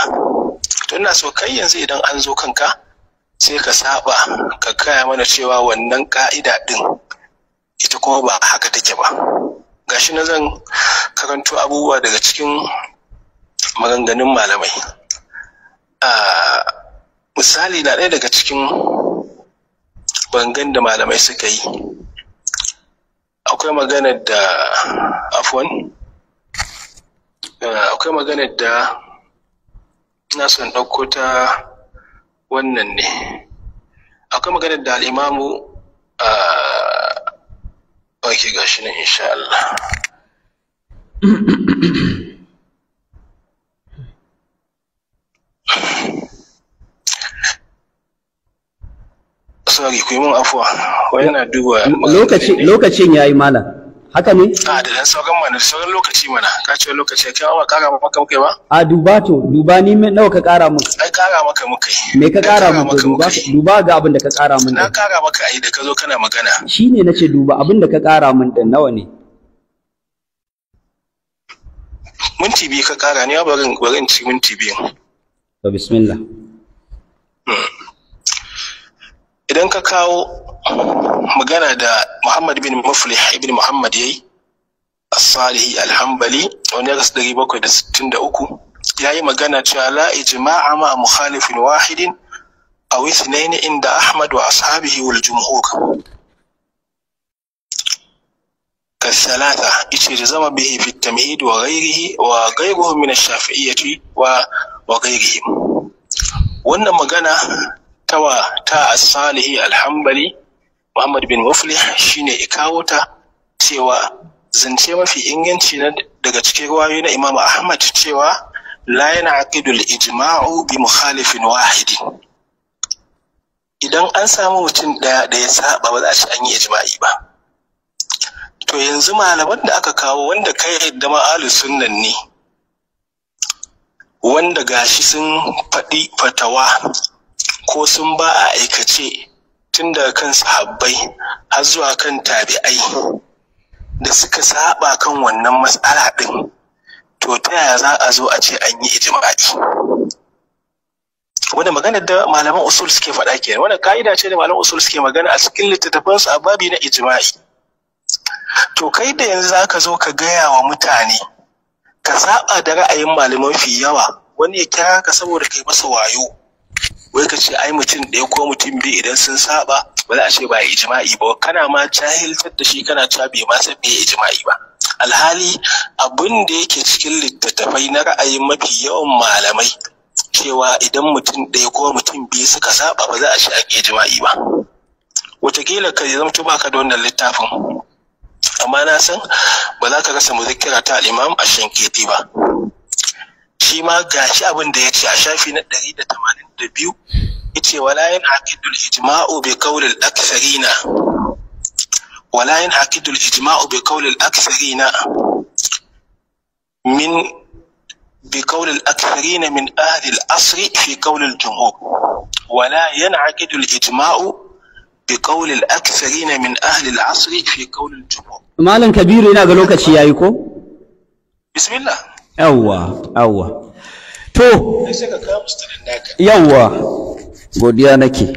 to ina so kai yanzu idan an zo kanka sai ka saba ka kaya mana cewa wannan ka'ida ɗin ita kuma ba haka take ba gashi na zan karanto abubuwa daga cikin maganganun malamai ah, misali na ɗaya daga cikin bangan da malamai suka yi akwai magana da afwan eh, akwai magana da na son ɗauko ta wannan ne akwai magana da al'imamu a ah, ok gashi na insha Allah sorry ku yi min afuwa wai yana duba lokaci lokacin yayi malam haka ne a ah, da dan sauran mana sauran lokaci mana ka ce lokaci kai ba kara maka mukai ba a duba to duba ni me nawa ka kara muka ai kara maka mukai me ka kara muka duba duba ga abin da ka kara mun na kara maka ai da ka zo kana magana shine nace duba abin da ka kara mun din nawa ne minti biyu ka kara ne ba bari in ci minti biyu to bismillah hmm. idan ka kawo magana da muhammad bin mufulih ibn muhammad yayi as-salihi al-hanbali wanda ya yi magana cewa la ijma'a ma mukhalifin wahidin aw ithnain inda ahmad wa ashabihi wal jumhur kasalata ice da zama bihi fi tamhid wa ghairihi wa ghairuhu min ash-shafi'iyyati wa wa ghairihim wannan magana tawa ta salihi alhambali muhammad bin Wafli shine ikawo ta cewa zance mafi inganci na daga cikin ruwayoyi na Imam ahmad cewa la yana al-ijma'u bi mukhalifin wahidi idan an samu mutum ɗaya da ya saba ba za a ci an yi ijma'i ba to yanzu malaman da aka kawo wanda kai da ma'alu sunnan ne wanda gashi sun faɗi fatawa ko sun ba a aikace tun daga kan sahabbai har zuwa kan tabi'ai da suka saba kan wannan matsala ɗin to ta yaya za a zo a ce an yi ijma'i wanda magana da malaman usul suke faɗa kenan wanda ka'ida ce da malaman usul suke magana a cikin littattafansu a babi na ijma'i to kai da yanzu za ka zo ka gaya wa mutane ka saba da ra'ayin malaman fi yawa wani ya kira ka saboda kai masa wayo wai ka ce ai mutum ɗaya ko mutum biyu idan sun saba ba za a ce ba ya ijma'i ba kana ma cahiltar da shi kana cewa bai ma san me ba alhali abin da yake cikin littattafai na ra'ayin mafi yawan malamai cewa idan mutum ɗaya ko mutum biyu suka saba ba za a ce a jima'i ba wataƙila ka yi zamto baka da wannan littafin amma na san ba za ka rasa muzakkira ta al'imam a shanketi ba shi ma ga shi abin da ya ce a shafi na 182 yace wala yan aqidul ijma'u bi qawli al-aktharina wala yan aqidul ijma'u bi qawli al-aktharina min bi qawli al min ahlil al-asr fi qawli al-jumhur wala yan'aqidu al-ijma'u bi qawli al min ahlil al-asr fi qawli jumhur malam kabiru yana ga lokaci yayi ko bismillah yawwa yawwa to yawwa godiya nake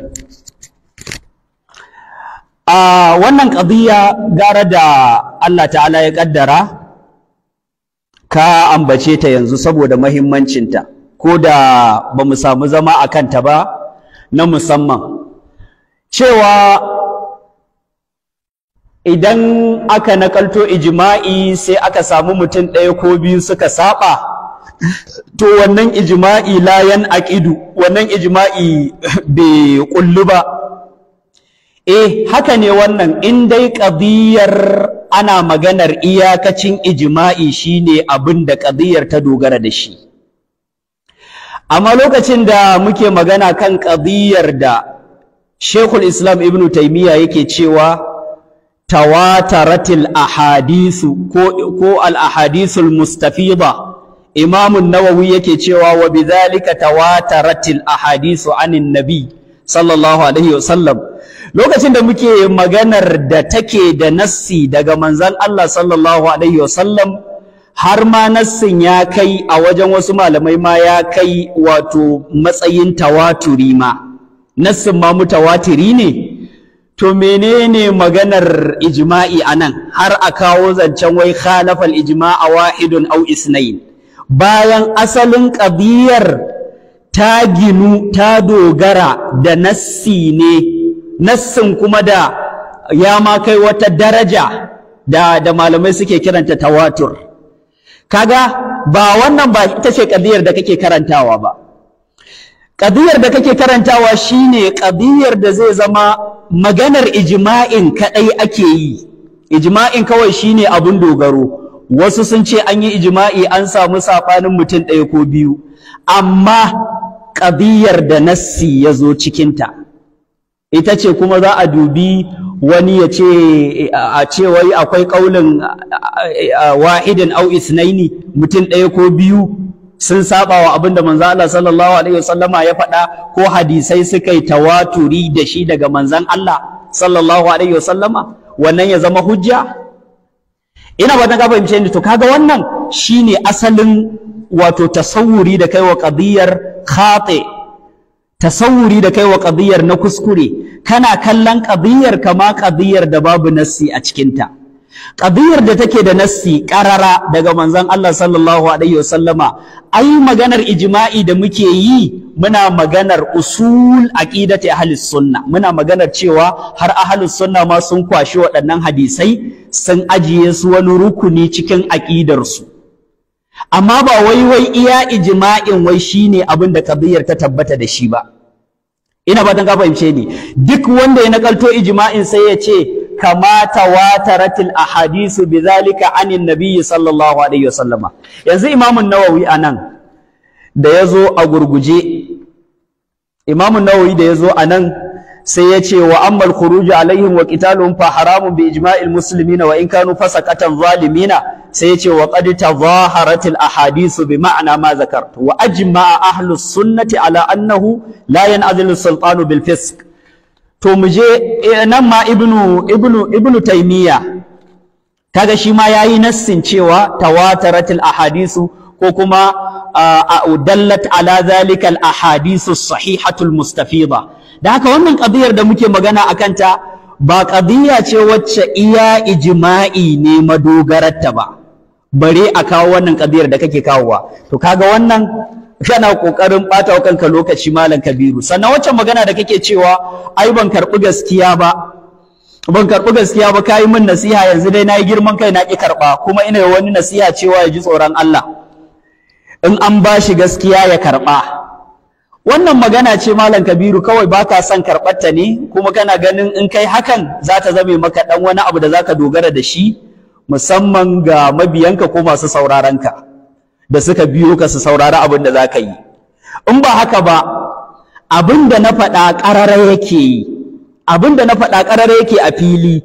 a wannan ƙabiya gara da Allah ta'ala ya ƙaddara ka ambace ta yanzu saboda mahimmancinta ko da ba mu samu zama a kanta ba na musamman cewa idan aka nakalto ijima'i sai aka samu mutum ɗaya ko biyu suka saɓa, to wannan ijima'i layan aqidu wannan ijima'i bai kullu ba eh haka ne wannan in dai qadiyar ana maganar iyakacin ijima'i shine abin da qadiyar ta dogara da shi amma lokacin da muke magana kan qadiyar da Sheikhul Islam Ibn Taymiyyah yake cewa tawataratil ahadisu ko ko al ahadisul mustafida imam an-nawawi yake cewa wa bidhalika tawataratil ahadisu anin nabi sallallahu alaihi wasallam lokacin da muke maganar da take da nassi daga manzon Allah sallallahu alaihi wasallam har ma nassin ya kai a wajen wasu malamai ma ya kai wato matsayin tawaturi ma nassin ma mutawatiri ne to menene maganar ijma'i anan har a kawo zancen wai khalafal ijma'a wahidun au isnain bayan asalin ƙabiyar ta ginu ta dogara da nassi ne nassin kuma da ya ma kai wata daraja da da malamai suke kiranta tawatur kaga ba wannan ba ita ce ƙabiyar da kake karantawa ba ƙabiyar da kake karantawa shine ƙabiyar da zai zama maganar ijima'in kaɗai ake yi Ijima'in kawai shine abin dogaro wasu sun ce an yi ijima'i, an samu saɓanin mutum ɗaya ko biyu amma ƙabiyar da nassi ya zo cikinta ita ce kuma za a dubi wani ya ce a ce wai akwai ƙaunin wa'idin au isnaini mutum ɗaya ko biyu sun saba wa abinda manzo Allah sallallahu alaihi wasallama ya faɗa ko hadisai suka yi tawaturi da shi daga manzon Allah sallallahu alaihi wasallama wannan ya zama hujja ina ba ga fahimce ni to kaga wannan shine asalin wato tasawuri da kaiwa qadiyar khati tasawuri da kaiwa qadiyar na kuskure kana kallon qadiyar kama qadiyar da babu nassi a cikinta ƙabiyar da take da nassi ƙarara daga manzon Allah sallallahu alaihi wasallama ai maganar ijma'i da muke yi muna maganar usul aqidati ahlus sunna muna maganar cewa har ahlus sunna ma sun kwashi waɗannan hadisai sun ajiye su wani rukuni cikin aqidar su amma ba wai wai iya ijma'in wai shine abin da ƙabiyar ta tabbata da shi ba ina fatan ka fahimce ni duk wanda ya nakalto ijma'in sai ya ce kama tawataratil ahadisu bidhalika anin nabiyyi sallallahu alaihi wasallam yanzu imamun nawawi anan da yazo a gurguje imamun nawawi da yazo anan sai ya ce wa ammal khuruju alaihim wa qitaluhum fa haramun bi ijma'il muslimina wa in kanu fasaqatan zalimina sai ya ce wa qad tadhaharatil ahadisu bi ma'ana ma zakartu wa ajma'a ahlus sunnati ala annahu la yan'adilu sultanu bil fisq to mu je eh, nan ma ibnu ibnu ibnu taymiya kaga shi ma yayi nassin cewa tawataratil ahadisu ko kuma ah, dallat ala zalika al ahadisu sahihatul mustafida da haka wannan qadiyar da muke magana akan ta ba qadiya ce wacce iya ijma'i ne madogararta ba bare a kawo wannan qadiyar da kake kawowa to kaga wannan kana kokarin bata wa kanka lokaci malam kabiru sannan wacce magana da kake cewa ai ban karbi gaskiya ba ban karbi gaskiya ba kai min nasiha yanzu dai nayi girman kai na ki karba kuma ina yi wani nasiha cewa ya ji tsoron Allah in an bashi gaskiya ya karba wannan magana ce malam kabiru kawai baka son karbar ta ne kuma kana ganin in kai hakan za ta zame maka dan wani abu da zaka dogara da shi musamman ga mabiyanka ko masu ka da suka biyo ka su saurari abin da za ka yi in ba haka ba abin da na faɗa ƙarara yake yi abin da na faɗa ƙarara yake a fili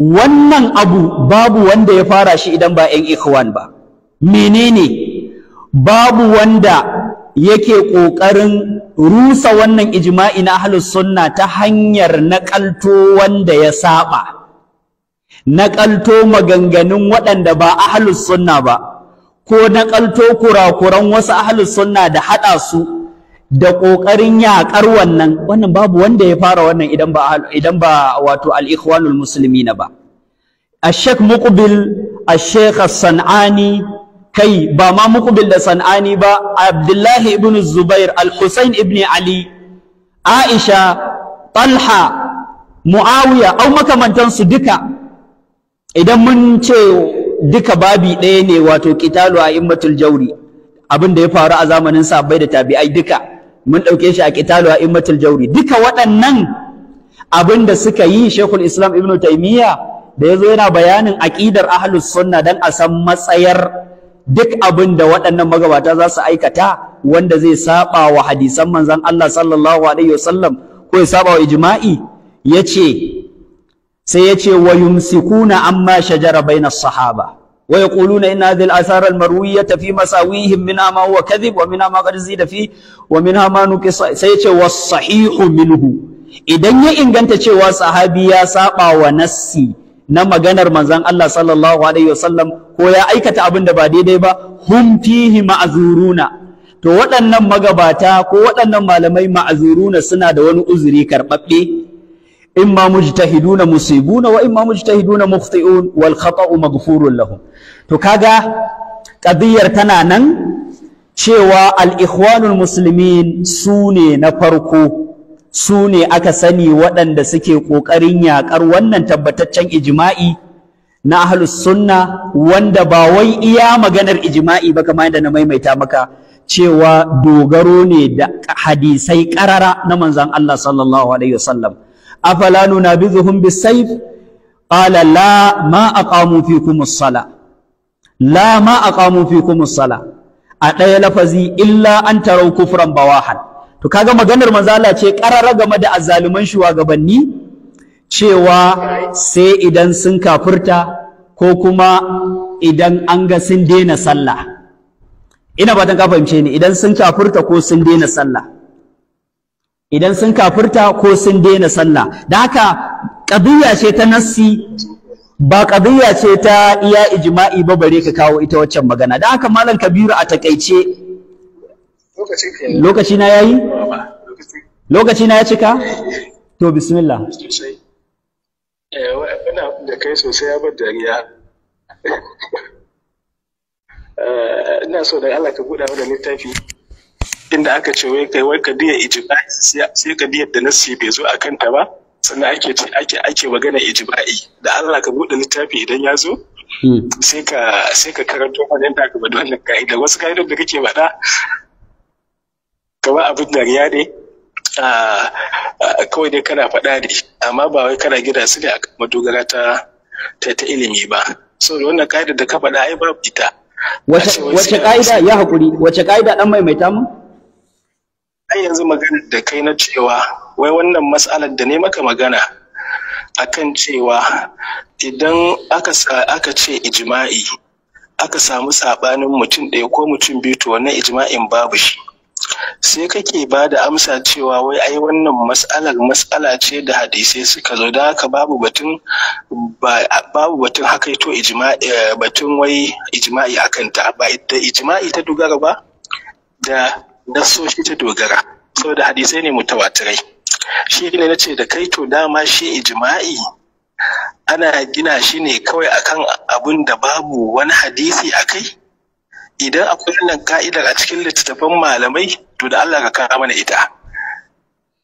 wannan abu babu wanda ya fara shi idan ba 'yan ikhwan ba menene babu wanda yake ƙoƙarin rusa wannan ijma'i na ahlus sunna ta hanyar naƙalto wanda ya saba naƙalto maganganun waɗanda ba ahlus sunna ba ko naƙalto kurakuran wasu ahlus sunna da haɗa su da ƙoƙarin yaƙar wannan wannan babu wanda ya fara wannan idan ba idan ba wato al-ikhwanul muslimina ba ash-shaykh muqbil ash-shaykh as-sanani kai ba ma muqbil da sanani ba abdullahi ibn zubair al-husayn ibn ali aisha talha muawiya au makamantansu duka idan mun ce duka babi ɗaya ne wato kitalu a immatul jauri. abin da ya faru a zamanin sabai da tabi'ai duka mun ɗauke shi a kitalu a immatul jauri. duka waɗannan abin da suka yi shekul islam ibnu taimiyya da ya zo yana bayanin aƙidar ahlus sunna dan a san matsayar duk abin da waɗannan magabata za su aikata wanda zai saba wa hadisan manzon Allah sallallahu alaihi wasallam ko ya saba wa ya ce. sai ya ce wa yumsikuna amma shajara baina sahaba wa yaquluna inna hadhihi al-athar al-marwiyata fi masawihim min ma huwa kadhib wa min ma qad zida fi wa min ma nuqisa sai ya ce wa sahihu minhu idan ya inganta cewa sahabi ya saba wa nassi na maganar manzon Allah sallallahu alaihi wasallam ko ya aikata abin da ba daidai ba hum fihi ma'zuruna to waɗannan magabata ko waɗannan malamai ma'azuruna suna da wani uzuri karɓaɓɓe imma mujtahiduna musibuna wa imma mujtahiduna mukhti'un wal khata'u maghfurun lahum to kaga qadiyar tana nan cewa al ikhwanul muslimin su ne na farko su ne aka sani waɗanda suke ƙoƙarin yaƙar wannan tabbataccen ijima'i na ahlus sunna wanda ba wai iya maganar ijma'i ba kamar yadda na maimaita maka cewa dogaro ne da hadisai ƙarara na manzon Allah sallallahu alaihi wasallam afala nunabizuhum bisayf qala la ma aqamu fikum as-sala la ma aqamu fikum as-sala a ɗaya lafazi illa an tarau kufran bawahan to kaga maganar manzala ce qarara game da azzaluman shugabanni cewa sai idan sun kafirta ko kuma idan an ga sun daina sallah ina ba ka fahimce ni idan sun kafirta ko sun daina sallah idan sun kafirta ko sun daina sallah da haka ƙabiya ce ta nassi ba ƙabiya ce ta iya ijma'i ba bare ka kawo ita waccan magana da haka malam kabiru a takaice lokaci na yayi lokaci na ya cika to bismillah eh, da kai sosai ya bar dariya eh, ina so da Allah ka buɗa mana littafi inda aka ce wai kai wai biya ijibai sai biya da nasi bai zo a kanta ba sannan ake ce ake ake magana ijibai da Allah ka bude littafi idan ya zo hmm. sai ka sai ka karanto wannan yadda ka bada wannan kaida wasu kaidar da kake faɗa kamar abin riya ne kawai dai kana faɗa ne amma ba wai kana gida su ne a madogara ta ta ilimi ba so da wannan kaidar da ka faɗa ai babu ita wace ƙa'ida ya haƙuri wace ƙa'ida ɗan maimaita mu ai yanzu magana da kai na cewa wai wannan matsalar da ne maka magana akan cewa idan aka ce ijima'i aka samu saɓanin mutum ɗaya ko mutum biyu to wannan ijma'in babu shi sai kake ba da amsa cewa wai ai wannan matsalar matsala ce da hadisai suka zo da haka babu batun babu batun haka to eh, batun wai ijma'i akan ta ba ita ijma'i ta dogara ba da nasoshi ta dogara saboda hadisai ne mutawatirai shi ne na ce da kai to dama shi ijma'i ana gina shi ne kawai akan abun da babu wani hadisi a kai idan akwai wannan ka'idar a cikin littattafan malamai to da Allah ka kawo mana ita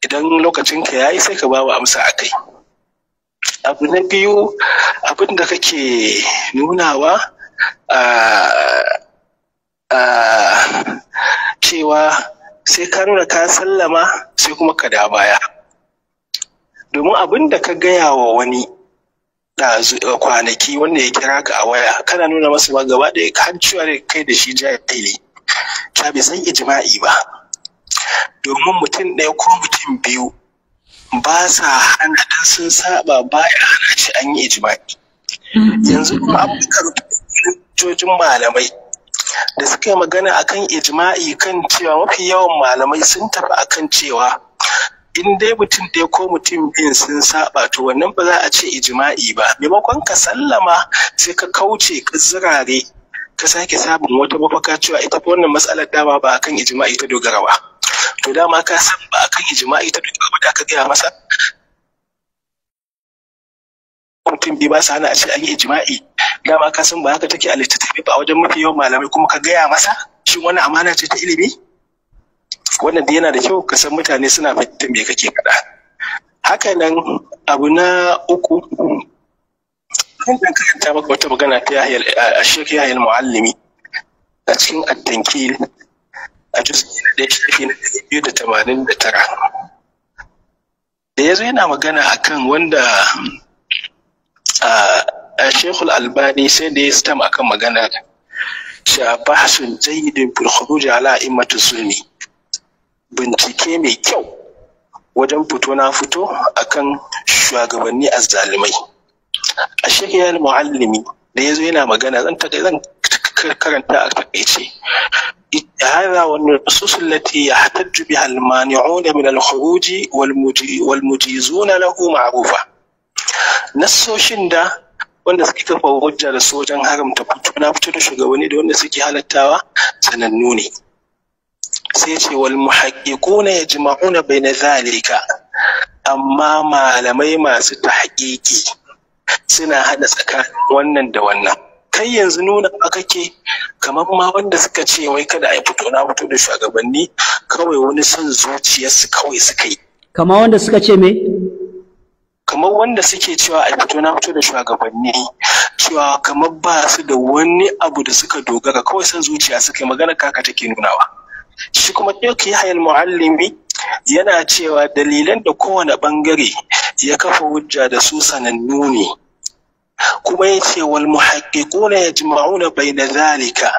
idan lokacin ka yayi sai ka babu amsa a kai abu na biyu abin da kake nunawa a ah, ah, cewa sai ka nuna ka sallama sai kuma ka da baya domin abin da ka gaya wa wani eh, kwanaki wanda ya kira ka a waya kana nuna masa ba gaba ɗaya kan cewa da kai da shi jahili ta bai san ijima'i ba domin mutum ɗaya ko mutum biyu ba sa hana dan sun saba baya hana shi an yi ijima'i mm-hmm. yanzu kuma abin karfi jojin malamai da suka yi magana akan ijima'i kan cewa mafi yawan malamai sun tafi akan cewa in dai mutum ɗaya ko mutum ɗin sun saba to wannan ba za a ce ijima'i ba maimakon ka sallama sai ka kauce ka zirare ka sake samun wata mafaka cewa ita wannan matsalar dama ba akan ijma'i ta dogara ba to dama ka san ba akan ijma'i ta dogara ba da aka gaya masa mutum biyu ba su hana a ce an yi jima'i dama ka san ba haka take a littattafi ba wajen mafi yawan malamai kuma ka gaya masa shin wani amana ce ta ilimi wannan da yana da kyau ka san mutane suna fahimtar me kake faɗa haka nan abu na uku kan dan karanta maka wata magana ta Yahya Sheikh Yahya Muallimi a cikin at-tankil a juz'i na ɗaya shafi na biyu da yazo yana magana akan wanda a shekul albani sai da ya stam akan maganar cewa bahsun jayyidin fil khuruj ala immatu zulmi bincike mai kyau wajen fito na fito akan shugabanni azzalumai a shekiyar muallimi da ya zo yana magana zan zan karanta a takaice هذا والنصوص التي يحتج بها المانعون من الخروج والمجيزون له معروفه Nasoshin da wanda suke kafa hujja da sojan wajen haramta fito na fito da shugabanni da wanda suke halattawa sanannu ne sai ce wal muhaqqiquna yajma'una bayna zalika amma malamai masu tahqiqi suna hada tsakanin wannan da wannan kai yanzu nuna aka ke kamar ma wanda suka ce wai kada a fito na fito da shugabanni kawai wani son zuciyarsu kawai suka yi kamar wanda suka ce me kamar wanda suke cewa a fito na fito da shugabanni cewa kamar ba su da wani abu da suka dogara kawai san zuciya suka yi magana kaka take nunawa shi kuma ɗauki hayal muallimi yana cewa dalilan da kowane bangare ya kafa hujja da su sanannu ne kuma ya ce wal muhaqqiquna bai bayna zalika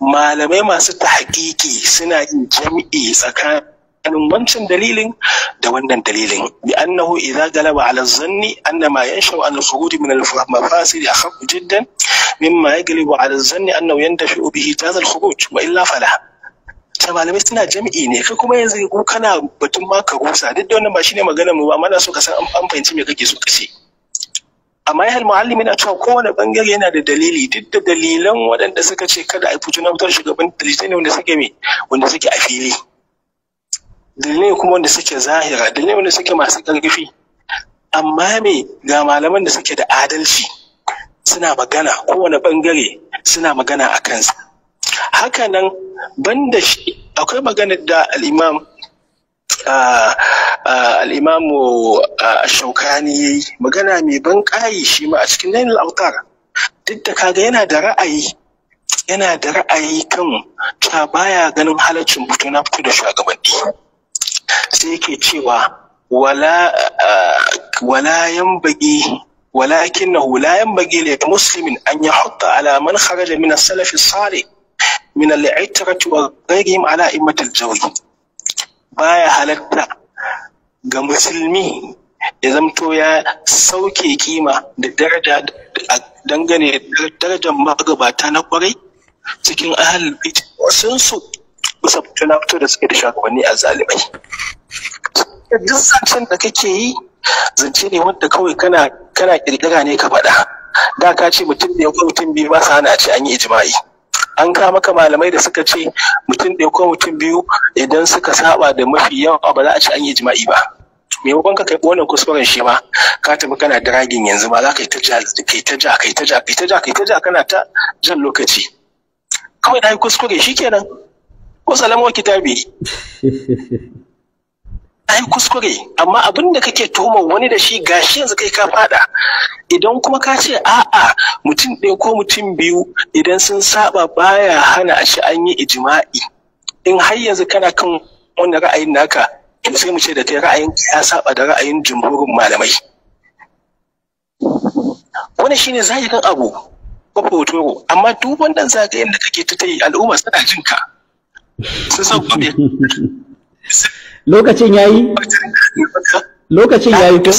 malamai masu tahqiqi suna yin jami'i tsakanin tsakanin wancan dalilin da wannan dalilin bi annahu idza galaba ala zanni anna ma yanshu an al-fuhud min al-mafasid akhaf jiddan mimma yaglibu ala zanni annahu yantafi bihi jaz al-khuruj wa illa fala ta malamai suna jam'i ne kai kuma yanzu ko kana batun ma ka rusa duk da wannan ba shine magana mu ba mana so ka san an fahimci me kake so kace amma ya muallimi na cewa kowane bangare yana da dalili duk da dalilan waɗanda suka ce kada a fito na wutar shugaban dalilai ne wanda suke me wanda suke a fili dalilai kuma wanda suke zahira dalilai wanda suke masu ƙarfi amma mai ga malaman da suke da adalci suna magana kowane bangare suna magana a kansa hakanan banda shi akwai magana da al'imam al'imamu shaukani ya yi magana mai ban ƙayi shi ma a cikin nailul autar duk da kaga yana da ra'ayi yana da ra'ayi kan ta baya ganin halaccin butuna fito da shugabanni sai ke cewa wala eh, yan bagi walakin na hula yan bagi ne musulmin an yi hutta alaman kharaja min salafi sare min al'aitar cewa gairim ala imatar jawi baya halarta ga musulmi ya zamto ya sauke kima da daraja dangane da darajar magabata na kwarai cikin ahal bit wasansu kusa fito na fito da suke da shugabanni a zalimai duk zancen da kake yi zance ne wanda kawai kana kana kirkira ne ka faɗa da ka ce mutum da ko mutum biyu ba sa hana ce an yi ijma'i an kawo maka malamai da suka ce mutum da ko mutum biyu idan suka saba da mafi yawa ba za a ce an yi ijma'i ba Me ba ka kai wannan kuskuren shi ma ka tafi kana dragin yanzu ma za ka yi ta ja kai ta ja kai ta ja kai ta ja kai ta ja kana ta jan lokaci kawai na yi kuskure shikenan ko salama kitabi ai kuskure amma abin da kake tuhumar wani da shi gashi yanzu kai ka fada idan kuma ka ce a'a mutum ɗaya ko mutum biyu idan sun saba baya hana a shi an yi ijima'i in har yanzu kana kan wani ra'ayin naka sai mu ce da kai ra'ayin ya saba da ra'ayin jumhurin malamai wani shine zahirin abu ko amma duk wannan zagayen da kake ta yi al'umma suna jin ka lokacin ya yi lokacin ya yi yayi ko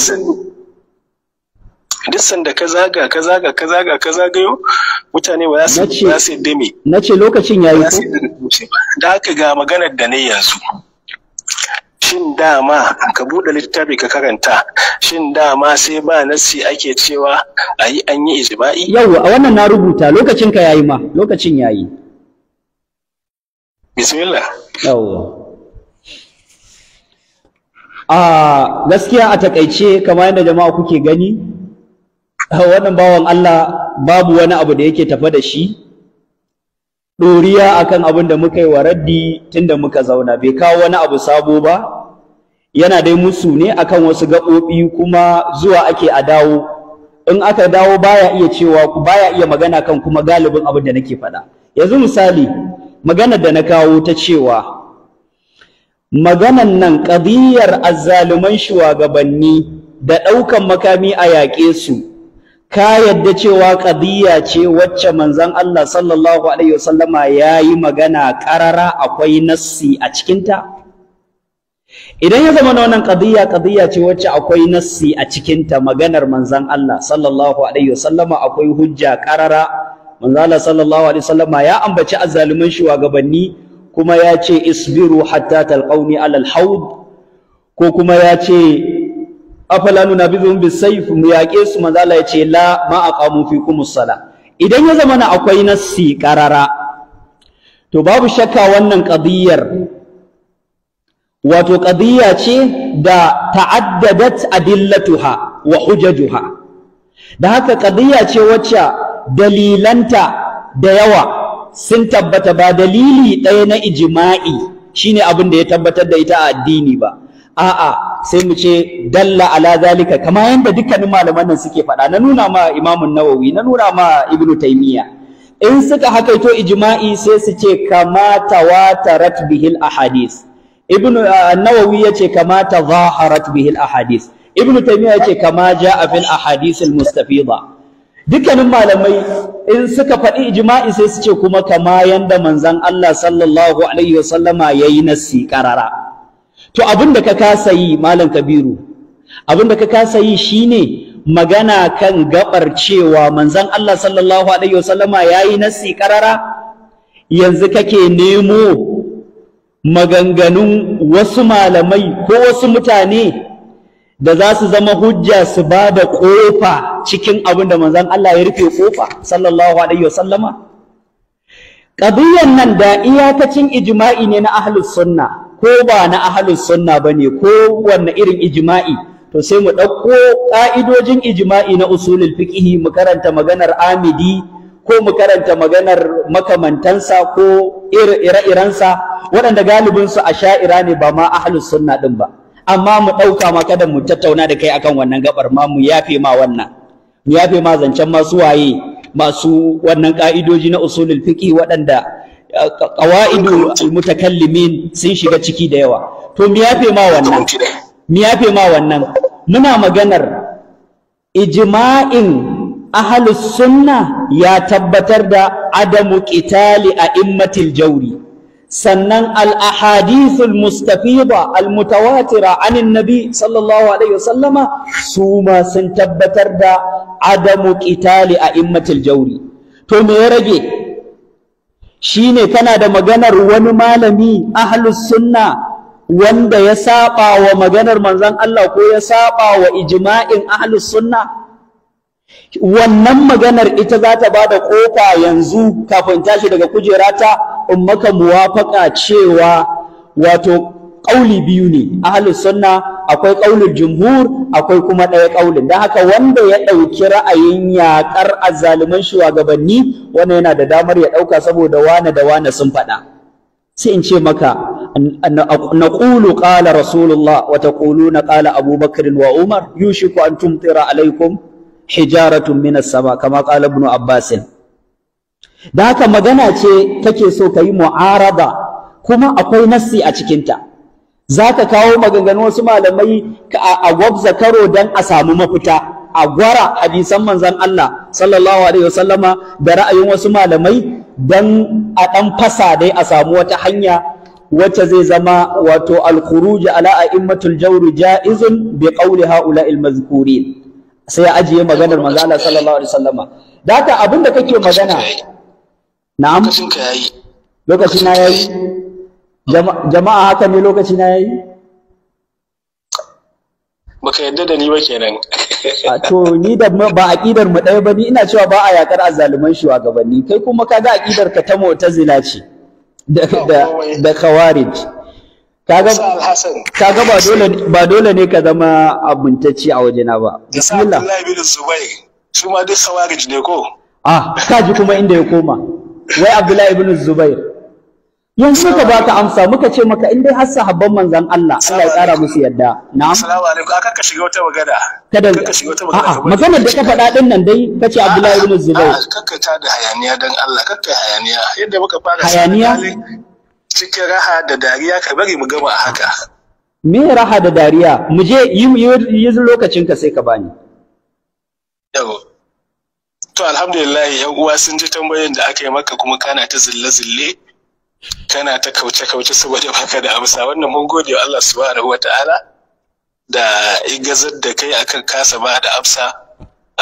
duk ka zaga ka zaga ka zaga ka zagayo mutane ba za su yadda me nace lokacin yayi ko da aka ga maganar da ne yanzu shin dama ka buɗe littafi ka karanta shin dama sai ba nasi ake cewa a yi an yi ijma'i Yau, a wannan na rubuta lokacin ka yayi ma lokacin ya yi. bismillah yawwa a gaskiya a takaice kamar yadda jama'a kuke gani wannan bawan Allah babu wani abu da yake tafa da shi ɗoriya akan abin da muka yi wa raddi tunda muka zauna bai kawo wani abu sabo ba yana dai musu ne akan wasu gaɓoɓi kuma zuwa ake a dawo in aka dawo baya iya cewa baya iya magana kan kuma galibin abin da nake faɗa yanzu misali maganar da na kawo ta cewa maganan nan ƙadiyar azzaluman shugabanni da ɗaukan makami a yaƙe su ka yadda cewa ƙadiyya ce wacce manzon Allah sallallahu alaihi wasallama ya yi magana ƙarara akwai nassi a cikinta idan ya zama wannan ƙadiyya ƙadiyya ce wacce akwai nassi a cikinta maganar manzon Allah sallallahu alaihi wasallama akwai hujja ƙarara Manzala sallallahu alaihi wasallam ya ambaci azzaluman shugabanni kuma ya ce isbiru hatta talqauni alal haud ko kuma ya ce afalanu nabizum bisayf mu yaƙe su ya ce la ma aqamu fikumus sala idan ya zama na akwai nassi qarara to babu shakka wannan qadiyar wato qadiyya ce da ta'addadat adillatuha wa hujajuha da haka qadiyya ce wacce dalilanta da yawa sun tabbata ba dalili ɗaya na ijima'i shine abin da ya tabbatar da ita a addini ba a'a sai mu ce dalla ala zalika kamar yadda dukkanin malaman nan suke faɗa na nuna ma imamun nawawi na nuna ma ibnu taymiya in suka hakaito ijima'i sai su ce kama tawatarat bihil ahadith ibnu uh, nawawi yace kama tazaharat bihil Ahadis. ibnu taymiya yace kama ja'a fil ahadith al mustafida dukkanin malamai in suka faɗi ijma'i sai su ce kuma kama yanda manzon Allah sallallahu alaihi wasallama yayi nasi karara to abin da ka kasa yi malam kabiru abin da ka kasa yi shine magana kan gabar cewa manzon Allah sallallahu alaihi wasallama yayi nasi karara yanzu kake nemo maganganun wasu malamai ko wasu mutane da za su zama hujja su ba da ƙofa cikin abin da manzan Allah ya rufe kofa. sallallahu alaihi sallama. ƙabiyan nan da iyakacin ijma'i ne na ahlus sunna ko ba na ahlus sunna bane ko wanne irin ijima'i, to sai mu ɗauko ƙa'idojin ijima'i na usulul fiqhi mu karanta maganar amidi ko mu karanta maganar makamantansa ko ire-irensa waɗanda galibinsu a sha'ira ne ba ma ahlus sunna ɗin ba amma mu ɗauka ma kada mu tattauna da kai akan wannan gabar ma mu yafe ma wannan mu yafe ma zancen masu waye masu wannan ka'idoji na usulul fiqh waɗanda eh, qawaidu mutakallimin sun shiga ciki da yawa to mu yafe ma wannan mu yafe ma wannan muna maganar ijma'in ahlus sunna ya tabbatar da adamu qitali a jawri sannan al-ahadithul mustafida al-mutawatira anin nabi sallallahu alaihi wasallama su ma sun tabbatar da adamu qitali a immatul jawri to me ya rage shine kana da maganar wani malami ahlus sunna wanda ya saba wa maganar manzon Allah ko ya saba wa ijma'in ahlus sunna wannan maganar ita za ta ba da ƙofa yanzu kafin tashi daga kujerata ummaka maka muwafaqa cewa wato ƙauli biyu ne ahlus sunna akwai ƙaulin jumhur akwai kuma ɗaya ƙauli. don haka wanda ya ɗauki ra'ayin yaƙar azzaluman shugabanni wannan yana da damar ya ɗauka saboda wane da wane sun faɗa sai in ce maka نقول ƙala rasulullah wata ƙulu قال Abubakar, بكر وعمر يوشك أن Alaikum, Hijaratun, حجارة من sama kama qala abbasin da haka magana ce kake so ka yi mu'arada kuma akwai nassi a cikinta za ka kawo maganganu wasu malamai a gwabza karo don a samu mafita a gwara hadisan Manzan Allah sallallahu alaihi wasallama da ra'ayin wasu malamai don a ɗan fasa dai a samu wata hanya wacce zai zama wato al-khuruj ala a'immatul jawr ja'izun bi qawli ha'ula'il mazkurin sai ajiye maganar manzan Allah sallallahu alaihi wasallama da haka abinda kake magana na'am lokacin ka yayi lokaci na yayi jama'a haka ne lokaci na yayi baka yadda da ni ba kenan to ni da ba aqidar mu ɗaya ba ni ina cewa ba a yakar azzaluman shugabanni kai kuma kaga aqidar ka ta mu'tazila ce da da khawarij kaga kaga ba dole ba dole ne ka zama abuntacci a wajena ba bismillah Abdullahi Zubair su ma dai khawarij ne ko ah kaji kuma inda ya koma wai Abdullahi ibn Zubair yanzu muka baka amsa muka ce maka in dai har sahabban manzon Allah Allah ya kara musu yadda na'am assalamu alaikum aka ka wata magana ka shiga wata magana a'a maganar da ka faɗa din nan dai kace Abdullahi ibn Zubair kakka ta raha da dariya ka bari mu gama haka je yi lokacin ka sai ka bani yau To alhamdulillah yan uwa sun ji tambayoyin da aka yi maka kuma kana ta zille-zille kana ta kauce-kauce saboda baka da amsa wannan mun gode wa Allah subhanahu wata'ala da igazar da kai akan kasa ba da amsa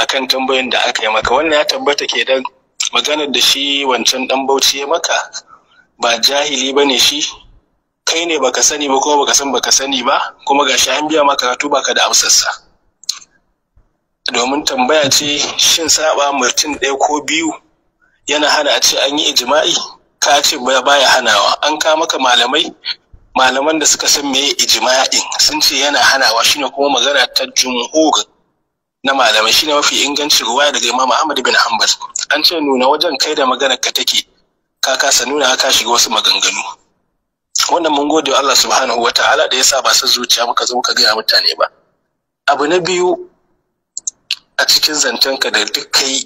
akan tambayoyin da aka yi maka wannan ya tabbata ke dan maganar da shi wancan dan bauchi ya maka ba jahili bane shi kai ne baka sani ba kuma baka san baka sani ba kuma gashi an biya maka karatu baka da amsarsa. domin tambaya ce shin saba mutum ɗaya ko biyu yana hana a ce an yi ijima'i ka ce baya hanawa an ka maka malamai malaman da suka san meye ijima'in sun ce yana hanawa shine kuma magana ta jumhur na malamai shine mafi inganci ruwaya daga Imam Ahmad bin Hanbal an ce nuna wajen kai da magana ka take ka kasa nuna ka shiga wasu maganganu wannan mun gode wa Allah subhanahu wataala da ya sa ba sa zuciya muka zo muka gaya mutane ba abu na biyu a cikin zantanka da duk kai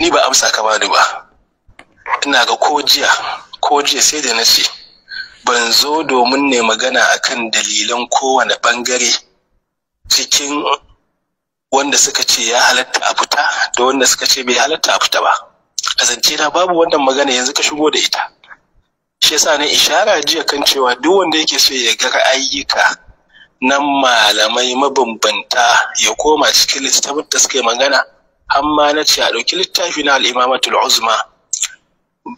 ni ba amsa ka bani ba ina ga ko jiya ko jiya sai da na ce ban zo domin ne magana akan dalilan kowane bangare cikin wanda suka ce ya halatta a fita da wanda suka ce bai halatta a fita ba a zance na babu wannan magana yanzu ka shigo da ita shi yasa ne ishara jiya kan cewa duk wanda yake so ya ga ayyuka. Nan malamai mabambanta ya koma cikin littafin da suke magana amma na ce a ɗauki littafi na al'imamatul uzma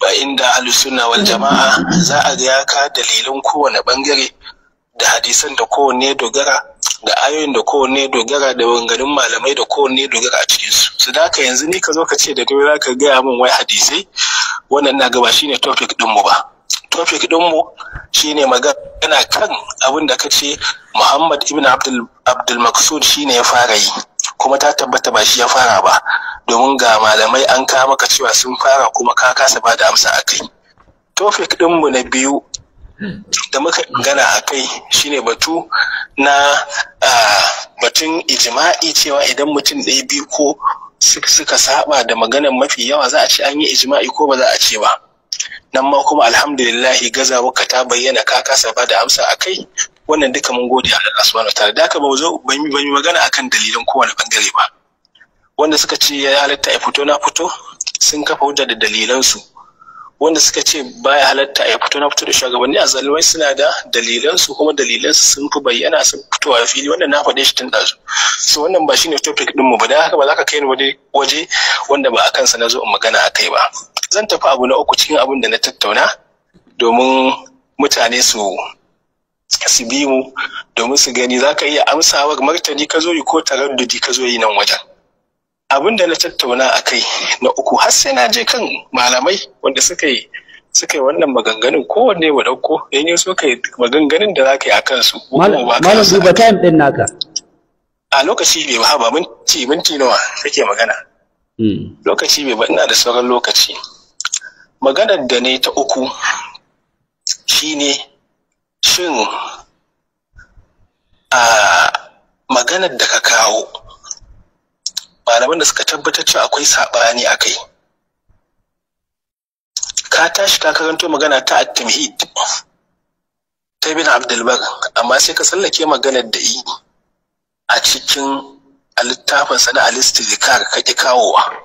ba inda alusunna wal jama'a za a ga ka dalilin kowane bangare da hadisan da kowanne dogara da ayoyin da kowanne dogara da wangarin malamai da kowanne dogara a cikinsu su da yanzu ni ka zo ka ce da gaba ka gaya min wai hadisai wannan na gaba shine topic ɗinmu ba topic ɗinmu shine magana kan abin da kace Muhammad ibn Abdul Abdul Maksud shine ya fara yi kuma ta tabbata ba shi ya fara ba domin ga malamai an kawo maka cewa sun fara kuma ka kasa ba da amsa akai topic ɗinmu na biyu da muka gana a kai shine batu na batun ijima'i cewa idan mutum ɗaya biyu ko suka saba da maganar mafi yawa za a ce an yi ijima'i ko ba za a ce ba nan ma kuma alhamdulillah gazawa ka ta bayyana ka kasa ba da amsa a kai wannan duka mun gode a Allah subhanahu wataala da ka ba zo ban yi magana akan dalilan kowane bangare ba wanda suka ce ya halatta ya fito na fito sun kafa hujja da dalilansu wanda suka ce baya halatta ya fito na fito da shugabanni a zalmai suna da dalilansu kuma dalilansu sun fi bayyana sun fito a fili wanda na faɗe shi tun ɗazu so wannan ba shine topic mu ba da haka ba za ka kai ni waje wanda ba a kansa na zo in magana a kai ba zan tafi abu na uku cikin abin da na tattauna domin mutane su su bi mu domin su gani za ka iya amsawar martani ka zo yi ko taraddudi ka zo yi nan wajen abin da na tattauna a kai na uku har sai na je kan malamai wanda suka yi suka yi wannan maganganun kowanne wa ɗauko yanyi suka yi maganganun da za ka yi a kansu malam duba time ɗin naka a lokaci bai ba ba minti minti nawa kake magana hmm. lokaci bai ba ina da sauran lokaci maganar da ne ta uku shine shin a maganar da ka kawo malaman da suka tabbatar cewa akwai saɓani a kai ka tashi ka karanto magana ta at-tamhid ta ibn abdulbar amma sai ka tsallake maganar da yi a cikin littafinsa na al-istizkar ka ki kawowa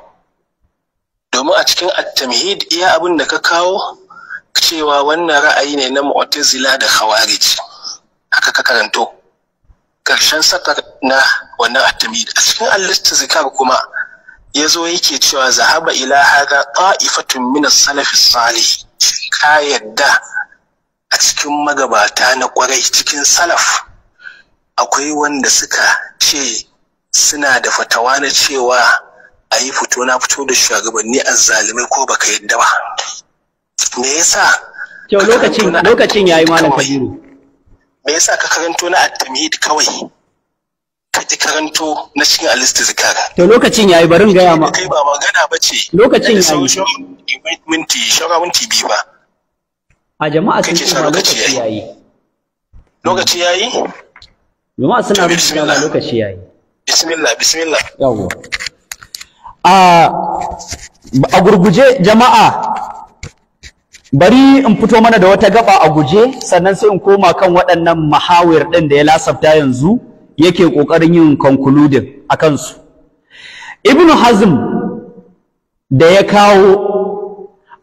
domin a cikin at-tamhid iya abin da ka kawo cewa wannan ra'ayi ne na mu'tazila da khawarij haka ka karanto karshen sakar na wannan at-tamhid a cikin al-istizkar kuma yazo yake cewa zahaba ila hadha qa'ifatun min as-salaf as-salih ka yadda a cikin magabata na kwarai cikin salaf akwai wanda suka ce suna da fatawa na cewa a yi fito na fito da shugabanni a zalimai ko baka yadda ba me yasa kyau lokacin lokacin yayi malam kabiru me yasa ka karanto na at-tamhid kawai ka ji karanto na cikin al-istizkar to lokacin yayi barin gaya ma kai ba magana bace lokacin yayi minti shawara minti biyu ba a jama'a sun ce lokaci yayi lokaci yayi jama'a suna rubuta lokaci yayi bismillah bismillah yawwa a gurguje jama'a bari in fito mana da wata gaba a guje sannan sai in koma kan waɗannan mahawir ɗin da ya lasafta yanzu yake ƙoƙarin yin konkludin a kansu ibnu hazm da ya kawo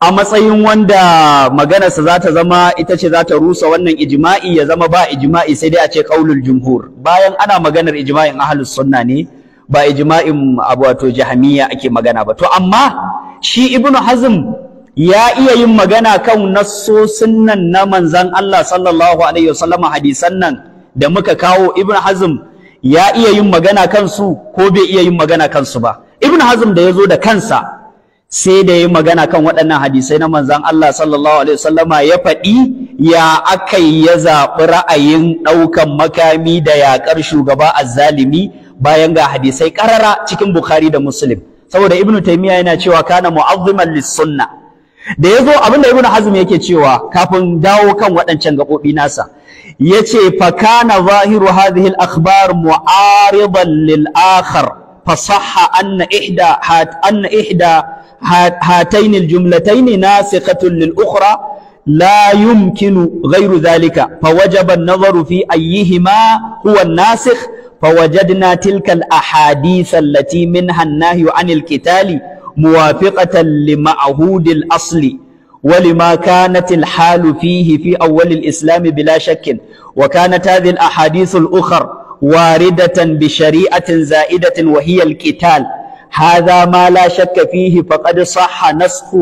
a matsayin wanda maganarsa za ta zama ita ce za ta rusa wannan ijima'i ya zama ba ijima'i sai dai a ce ƙaulul jumhur bayan ana maganar ijima'in ahlus sunna ne ba ijma'in wato jahamiya ake magana ba to amma shi ibnu hazm ya iya yin magana kan nassosin nan na manzan Allah sallallahu alaihi wasallam hadisan nan da muka kawo ibnu hazm ya iya yin magana kansu ko bai iya yin magana kansu ba ibnu hazm da ya zo da kansa sai da ya magana kan waɗannan hadisai na manzan Allah sallallahu alaihi ya faɗi ya aka ya zaɓi ra'ayin ɗaukan makami da yaƙar shugaba azzalimi bayan ga hadisai karara cikin Bukhari da Muslim saboda Ibn Taymiyyah yana cewa kana mu'azziman lis sunna da yazo abinda Ibn Hazm yake cewa kafin dawo kan waɗancan gabobi nasa yace fa kana zahiru hadhihi al akhbar mu'aridan lil akhar fa sahha anna ihda hat anna ihda هاتين الجملتين ناسخة للأخرى لا يمكن غير ذلك فوجب النظر في أيهما هو الناسخ فوجدنا تلك الأحاديث التي منها النهي عن القتال موافقة لمعهود الأصل ولما كانت الحال فيه في أول الإسلام بلا شك وكانت هذه الأحاديث الأخر واردة بشريعة زائدة وهي القتال هذا ما لا شك فيه فقد صح نسخ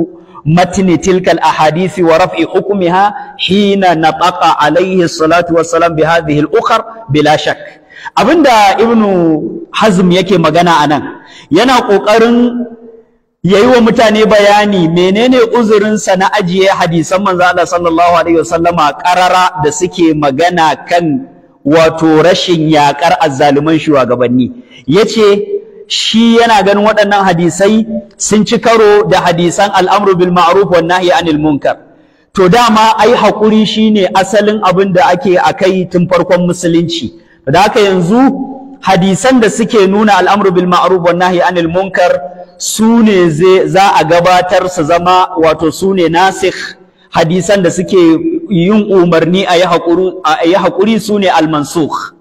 متن تلك الأحاديث ورفع حكمها حين نطق عليه الصلاة والسلام بهذه الأخر بلا شك abinda ibnu hazm yake magana anan yana ƙoƙarin ya yi wa mutane bayani menene uzurinsa na ajiye hadisan manzo Allah sallallahu alaihi wasallama ƙarara da suke magana kan wato rashin yaƙar azzaluman shugabanni yace shi yana ganin waɗannan hadisai sun ci karo da hadisan al'amru bil ma'ruf wan nahyi anil munkar to dama ai haƙuri shine asalin abin da ake akai tun farkon musulunci da haka yanzu hadisan da suke nuna al'amru bil ma'ruf wan nahyi anil munkar su ne za a gabatar su zama wato su ne nasikh hadisan da suke yin umarni a yi haƙuri a yi haƙuri su ne al mansukh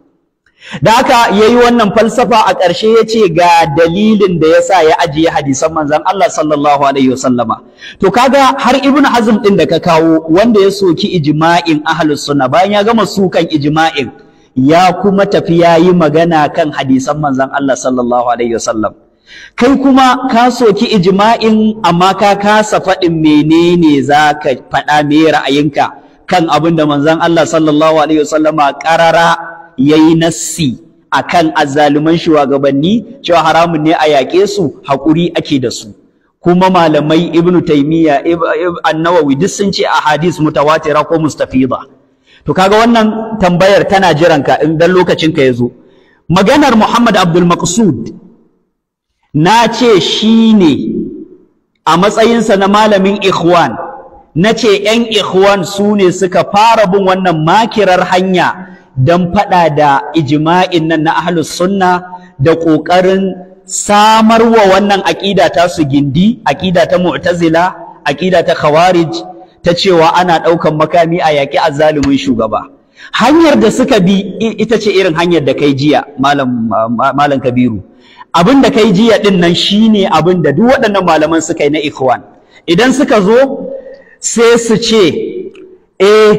da haka yayi wannan falsafa a ƙarshe yace ga dalilin da yasa ya ajiye hadisan manzon Allah sallallahu alaihi wasallama to kaga har ibnu hazm din da ka kawo wanda ya soki ijma'in ahlus sunna bayan ya gama sukan ijma'in ya kuma tafi ya yi magana kan hadisan manzan Allah sallallahu alaihi wasallam kai kuma ka soki ijima'in, amma ka kasa faɗin menene za ka faɗa me ra'ayinka kan abin da manzon Allah sallallahu alaihi wasallama ƙarara ya yi nassi a kan azzaluman shugabanni cewa haramun ne a yaƙe su haƙuri ake da su kuma malamai ibnu taimiyya annawawi duk sun ce a hadis mutawatira ko mustafida to kaga wannan tambayar tana jiranka in dan lokacinka ya zo maganar Muhammad Abdul Maqsud na ce shi ne a matsayinsa na malamin ikhwan na ce 'yan ikhwan su ne suka fara bin wannan makirar hanya don faɗa da ijima'in nan na ahlus sunna da ƙoƙarin samarwa wannan aƙida ta su gindi aƙida ta mu'tazila aƙida ta khawarij ta cewa ana ɗaukan makami a yaƙi azzalumin shugaba hanyar da suka bi ita ce irin hanyar da kai jiya malam malam kabiru abin da kai jiya din nan shine abin da duk waɗannan malaman suka yi na ikhwan idan suka zo sai su ce eh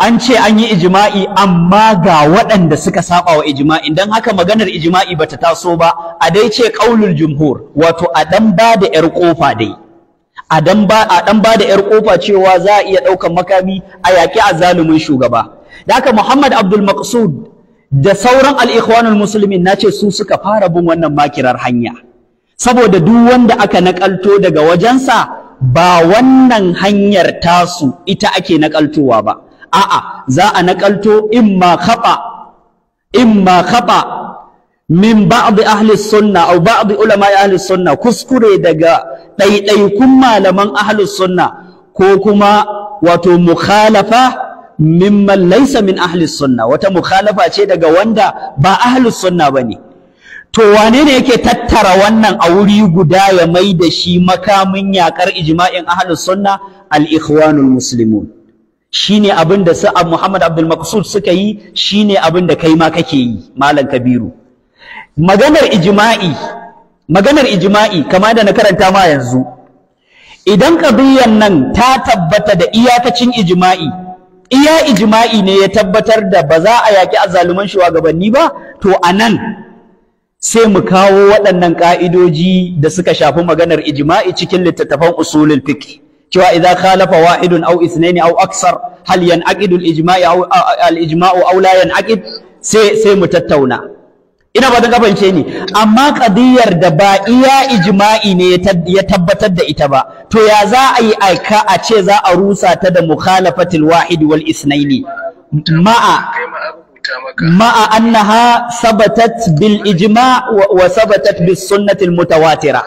an ce an yi ijima'i amma ga waɗanda suka saba wa ijima'i dan haka maganar ijima'i bata taso ba a dai ce ƙaulul jumhur wato a ɗan ba da 'yar ƙofa dai a dan ba a dan da yar kofa cewa za a iya ɗaukar makami a yaki azalumin shugaba da haka Muhammad Abdul Maqsud da sauran al musulmin muslimin nace su suka fara bin wannan makirar hanya saboda duk wanda aka nakalto daga wajensa ba wannan hanyar tasu ita ake nakaltowa ba a'a za a nakalto imma khata imma min ba'd ahli sunna aw ba'd ulama ahli sunna kuskure daga ɗaiɗaikun malaman ahli sunna ko kuma wato mukhalafa mimman laysa min ahli sunna wata mukhalafa ce daga wanda ba ahli sunna bane to wane ne yake tattara wannan a wuri guda ya mai da shi makamin yakar ijma'in ahli sunna al-ikhwanul muslimun shine abin da sa'a Muhammad Abdul Maqsud suka yi shine abin da kai ma kake yi malam Kabiru maganar ijma'i maganar ijma'i kama da na karanta ma yanzu idan kabiyan nan ta tabbata da iyakacin ijima'i, iya ijma'i ne ya tabbatar da ba za a yaki azzaluman shugabanni ba to anan sai mu kawo waɗannan ka'idoji da suka shafi maganar ijma'i cikin littattafan usulul fiqh cewa idza khalafa wahidun aw ithnaini aw aksar hal yanqidu al ijma'u aw la yanqid sai sai mu tattauna ina ba ka fahimce ni amma kadiyar da ba iya ijma'i ne ya tabbatar da ita ba to ya za a yi aika a ce za a rusa ta da mukhalafatil wahid wal isnaini ma'a ma'a annaha sabatat bil ijma' wa sabatat bis sunnatil mutawatira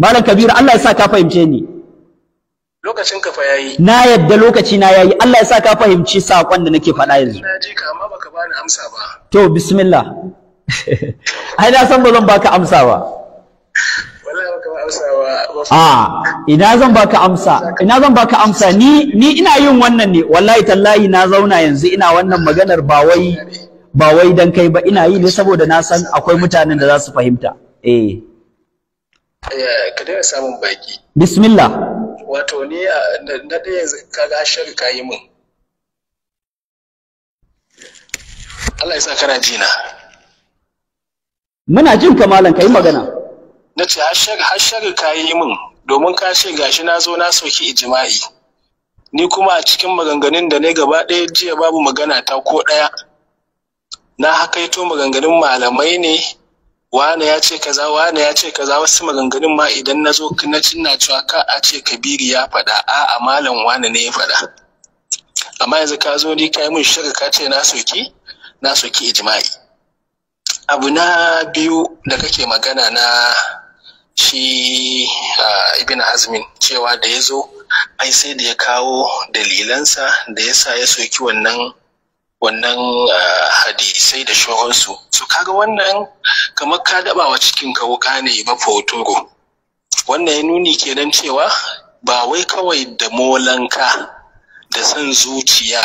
malam kabir Allah ya sa ka fahimce ni lokacin ka fa yayi na yadda lokaci na yayi Allah ya sa ka fahimci sakon da nake faɗa yanzu na je ka amma baka bani amsa ba to bismillah ai na san ba zan baka amsa ba a ah, ina zan baka amsa ina zan baka amsa ni ni ina yin wannan ne wallahi tallahi na zauna yanzu ina wannan maganar ba wai ba wai dan kai ba ina yi ne saboda na san akwai mutanen da za su fahimta eh ka daina samun baki bismillah wato ni na da yanzu kaga ka yi mun Allah ya sa kana jina muna jin ka malam kai magana na ce hashar ka yi min domin ka ce gashi na zo na soki ijima'i ni kuma a cikin maganganun da ne gaba ɗaya jiya babu magana ta ko ɗaya na hakaito maganganun malamai ne wane ya ce kaza wane ya ce kaza wasu maganganun ma idan na zo na cinna cewa ka a ce kabiri ya faɗa a a malam wane ne ya faɗa amma yanzu ka zo ni ka yi min shirka ka ce na soki na soki ijima'i abu na biyu da kake magana na shi uh, ibn azmin cewa da ya zo ai sai da ya kawo dalilansa da ya sa ya soki wannan wannan hadisai da shohonsu su kaga wannan kamar ka daba wa cikin ka wuka ne mafautoro. wannan ya nuni kenan cewa ba wai kawai da molanka da son zuciya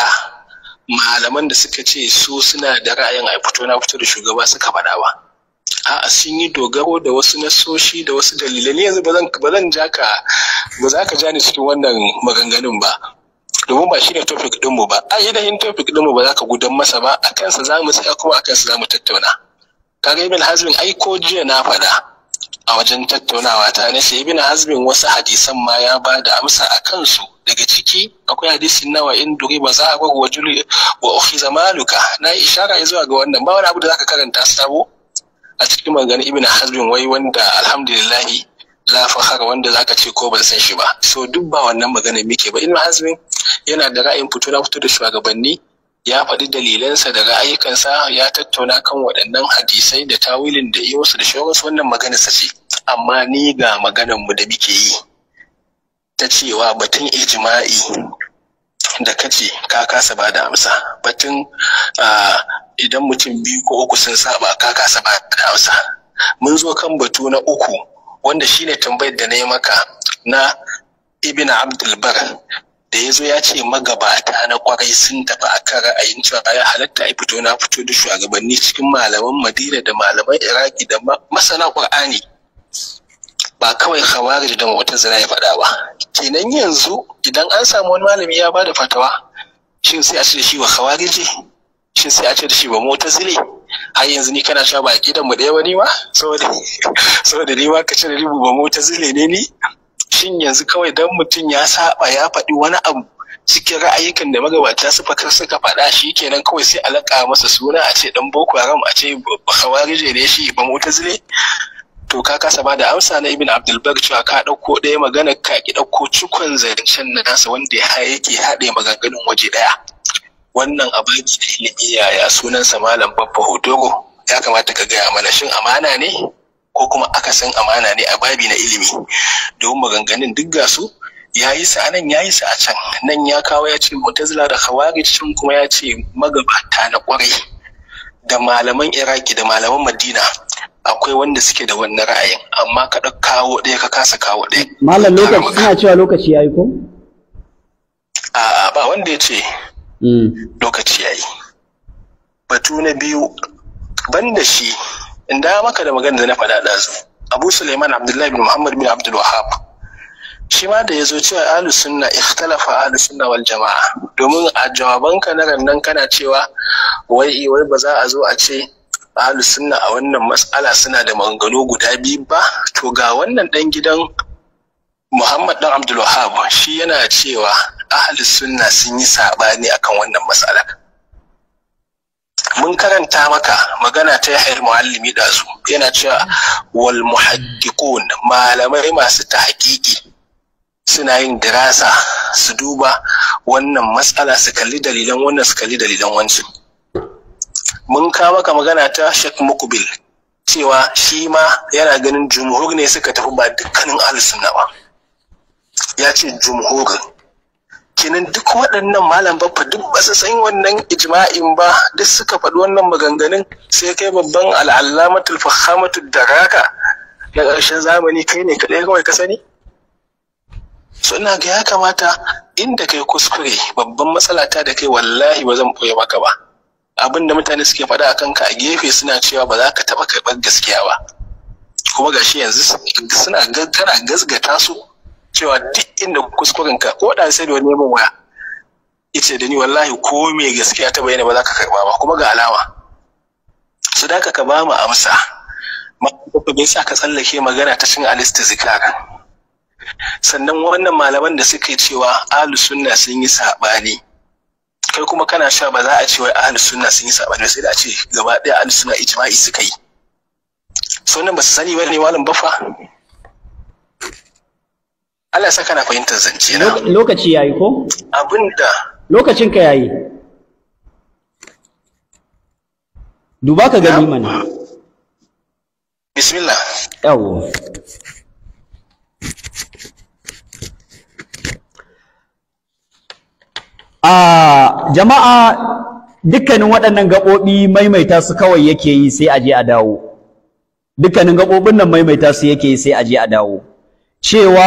malaman da suka ce su suna da ra'ayin a fito na fito da shugaba suka faɗa ba a'a sun yi dogaro da wasu nasoshi da wasu dalilai ni yanzu ba zan ja ka ba za ka ja ni cikin wannan maganganun ba domin ba shine topic dinmu ba a ainihin topic dinmu ba za ka gudan masa ba a kansa za mu tsaya kuma a kansa za mu tattauna kaga ibn hazmin ai ko jiya na faɗa a wajen tattaunawa ta na sai bin hasbin wasu hadisan ma ya ba da amsa a kansu daga ciki akwai hadisin nawa in duri ba za a gwagwa wa juli wa ofiza maluka na ishara zuwa ga wannan ba wani abu da zaka karanta sabo a cikin maganar ibn hasbin wai wanda alhamdulillahi la fahara wanda zaka ce ko ban san shi ba so duk ba wannan maganar muke ba ibn hasbin yana da ra'ayin fito na fito da shugabanni ya faɗi dalilansa da ra'ayikansa ya tattauna kan waɗannan hadisai da tawilin da iyosu da shawarsu wannan maganarsa ce amma ni ga maganar mu da muke yi ta cewa batun ijma'i da kace ka kasa ba da amsa batun idan mutum biyu ko uku sun saba ka kasa ba da amsa mun zo kan batu na uku wanda shine tambayar da na yi maka na ibn bar. da ya zo ya ce magabata na kwarai sun tafi a kan ra'ayin cewa ya halatta a fito na fito da shugabanni cikin malaman madina da malaman iraki da masana qur'ani ba kawai khawarij da mu'tazila ya faɗa ba kenan yanzu idan an samu wani malami ya bada fatawa shin sai a ce da shi wa khawarije shin sai a ce da shi wa zile? har yanzu ni kana sha baki da mu ɗaya ba ni ma saboda saboda ni ma ka ce da ni ba mu'tazile ne ni shin yanzu kawai dan mutum ya saba ya faɗi wani abu cikin ra'ayikan da magabata su fakar suka faɗa shi kenan kawai sai a laƙa masa suna a ce dan boko haram a ce hawarije ne shi ba zile to ka kasa ba da amsa na ibn abdulbar cewa ka ɗauko ɗaya magana ka ki ɗauko cikon zancen na nasa wanda ya yake haɗe maganganun waje ɗaya wannan a baki ilimiya ya sunansa malam babba hotoro ya kamata ka gaya mana shin amana ne ko kuma aka san amana ne a babi na ilimi domin maganganun duk su ya yi sa nan ya yi sa a can nan ya kawo ya ce mutazila da khawarij can kuma ya ce magabata na kwarai da malaman iraki da malaman madina akwai wanda suke da wannan ra'ayin amma ka kawo ɗaya ka kasa kawo ɗaya malam lokaci suna cewa lokaci ya yi ko a ba wanda ya ce hmm. lokaci ya yi. batu na biyu banda shi in da maka da magana da na faɗa ɗazu abu suleiman abdullahi bin muhammad bin abdul wahab shi ma da ya zo cewa ahlus sunna ikhtalafa ahlus sunna wal jama'a domin a jawabanka na rannan kana cewa wai eh, wai ba za a zo a ce ahlus sunna a wannan mas'ala suna da mangano guda biyu ba to ga wannan dan gidan Muhammad dan Abdul wahab shi yana cewa ahlus sunna sun yi saɓani akan wannan matsalar mun karanta maka magana ta yahya muallimi dazu yana cewa wal muhaddiqun malamai masu tahqiqi suna yin dirasa su duba wannan matsala su kalli dalilan wannan su kalli dalilan wancan mun kawo maka magana ta Sheikh Mukbil cewa shi ma yana ganin jumhur ne suka tafi ba dukkanin ahlus ba ya ce jumhur kenan duk waɗannan malam baffa duk ba su san wannan ijma'in ba duk suka faɗi wannan maganganun sai kai babban al'allamatul fahamatul daraka na ƙarshen zamani kai ne kaɗai kawai ka sani suna ga ya kamata inda kai kuskure babban matsala ta da kai wallahi ba zan ɓoye maka ba abin da mutane suke faɗa a kanka a gefe suna cewa ba za ka taɓa karɓar gaskiya ba kuma gashi yanzu suna gaggara gasgata su cewa duk inda kuskuren ka ko da sai da wani waya yace da ni wallahi ko me gaskiya ta bayyana ba za ka karba ba kuma ga alama su da ka ba mu amsa ma bai sa ka tsallake magana ta cin zikara sannan wannan malaman da suka suke cewa ahlus sunna sun yi sabani kai kuma kana sha ba za a ce wai ahlus sunna sun yi sabani sai da a ce gaba ɗaya ahlus sunna ijma'i suka yi sannan ba su sani ba ne malam bafa Allah saka na fahimtar zance na lokaci yayi ko abinda lokacin ka yayi duba ka gani mana bismillah yawo a jama'a dukkanin waɗannan gaɓoɓi maimaita su kawai yake yi sai a je a dawo dukkanin gaɓoɓin nan maimaita su yake yi sai a je a dawo cewa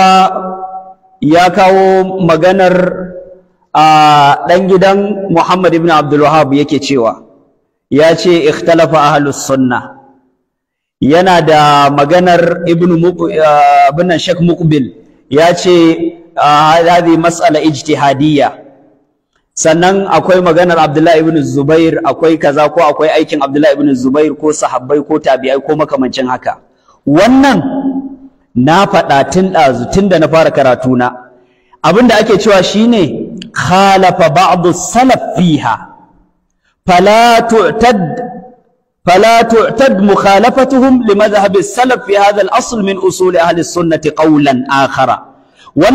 ya kawo maganar a ɗan gidan Muhammad ibn Abdul Wahab yake cewa ya ce ikhtalafa ahlus sunna yana da maganar ibn abin Sheikh ya ce a hadhi mas'ala ijtihadiyya sannan akwai maganar Abdullah ibn Zubair akwai kaza ko akwai aikin Abdullah ibn Zubair ko sahabbai ko tabi'ai ko makamancin haka wannan na faɗa tun ɗazu tun da na fara karatu na abinda ake cewa shine khalafa ba'du salaf fiha fala tu'tad fala tu'tad فلا تعتد مخالفتهم لمذهب السلف في هذا الأصل من أصول أهل qawlan قولا wa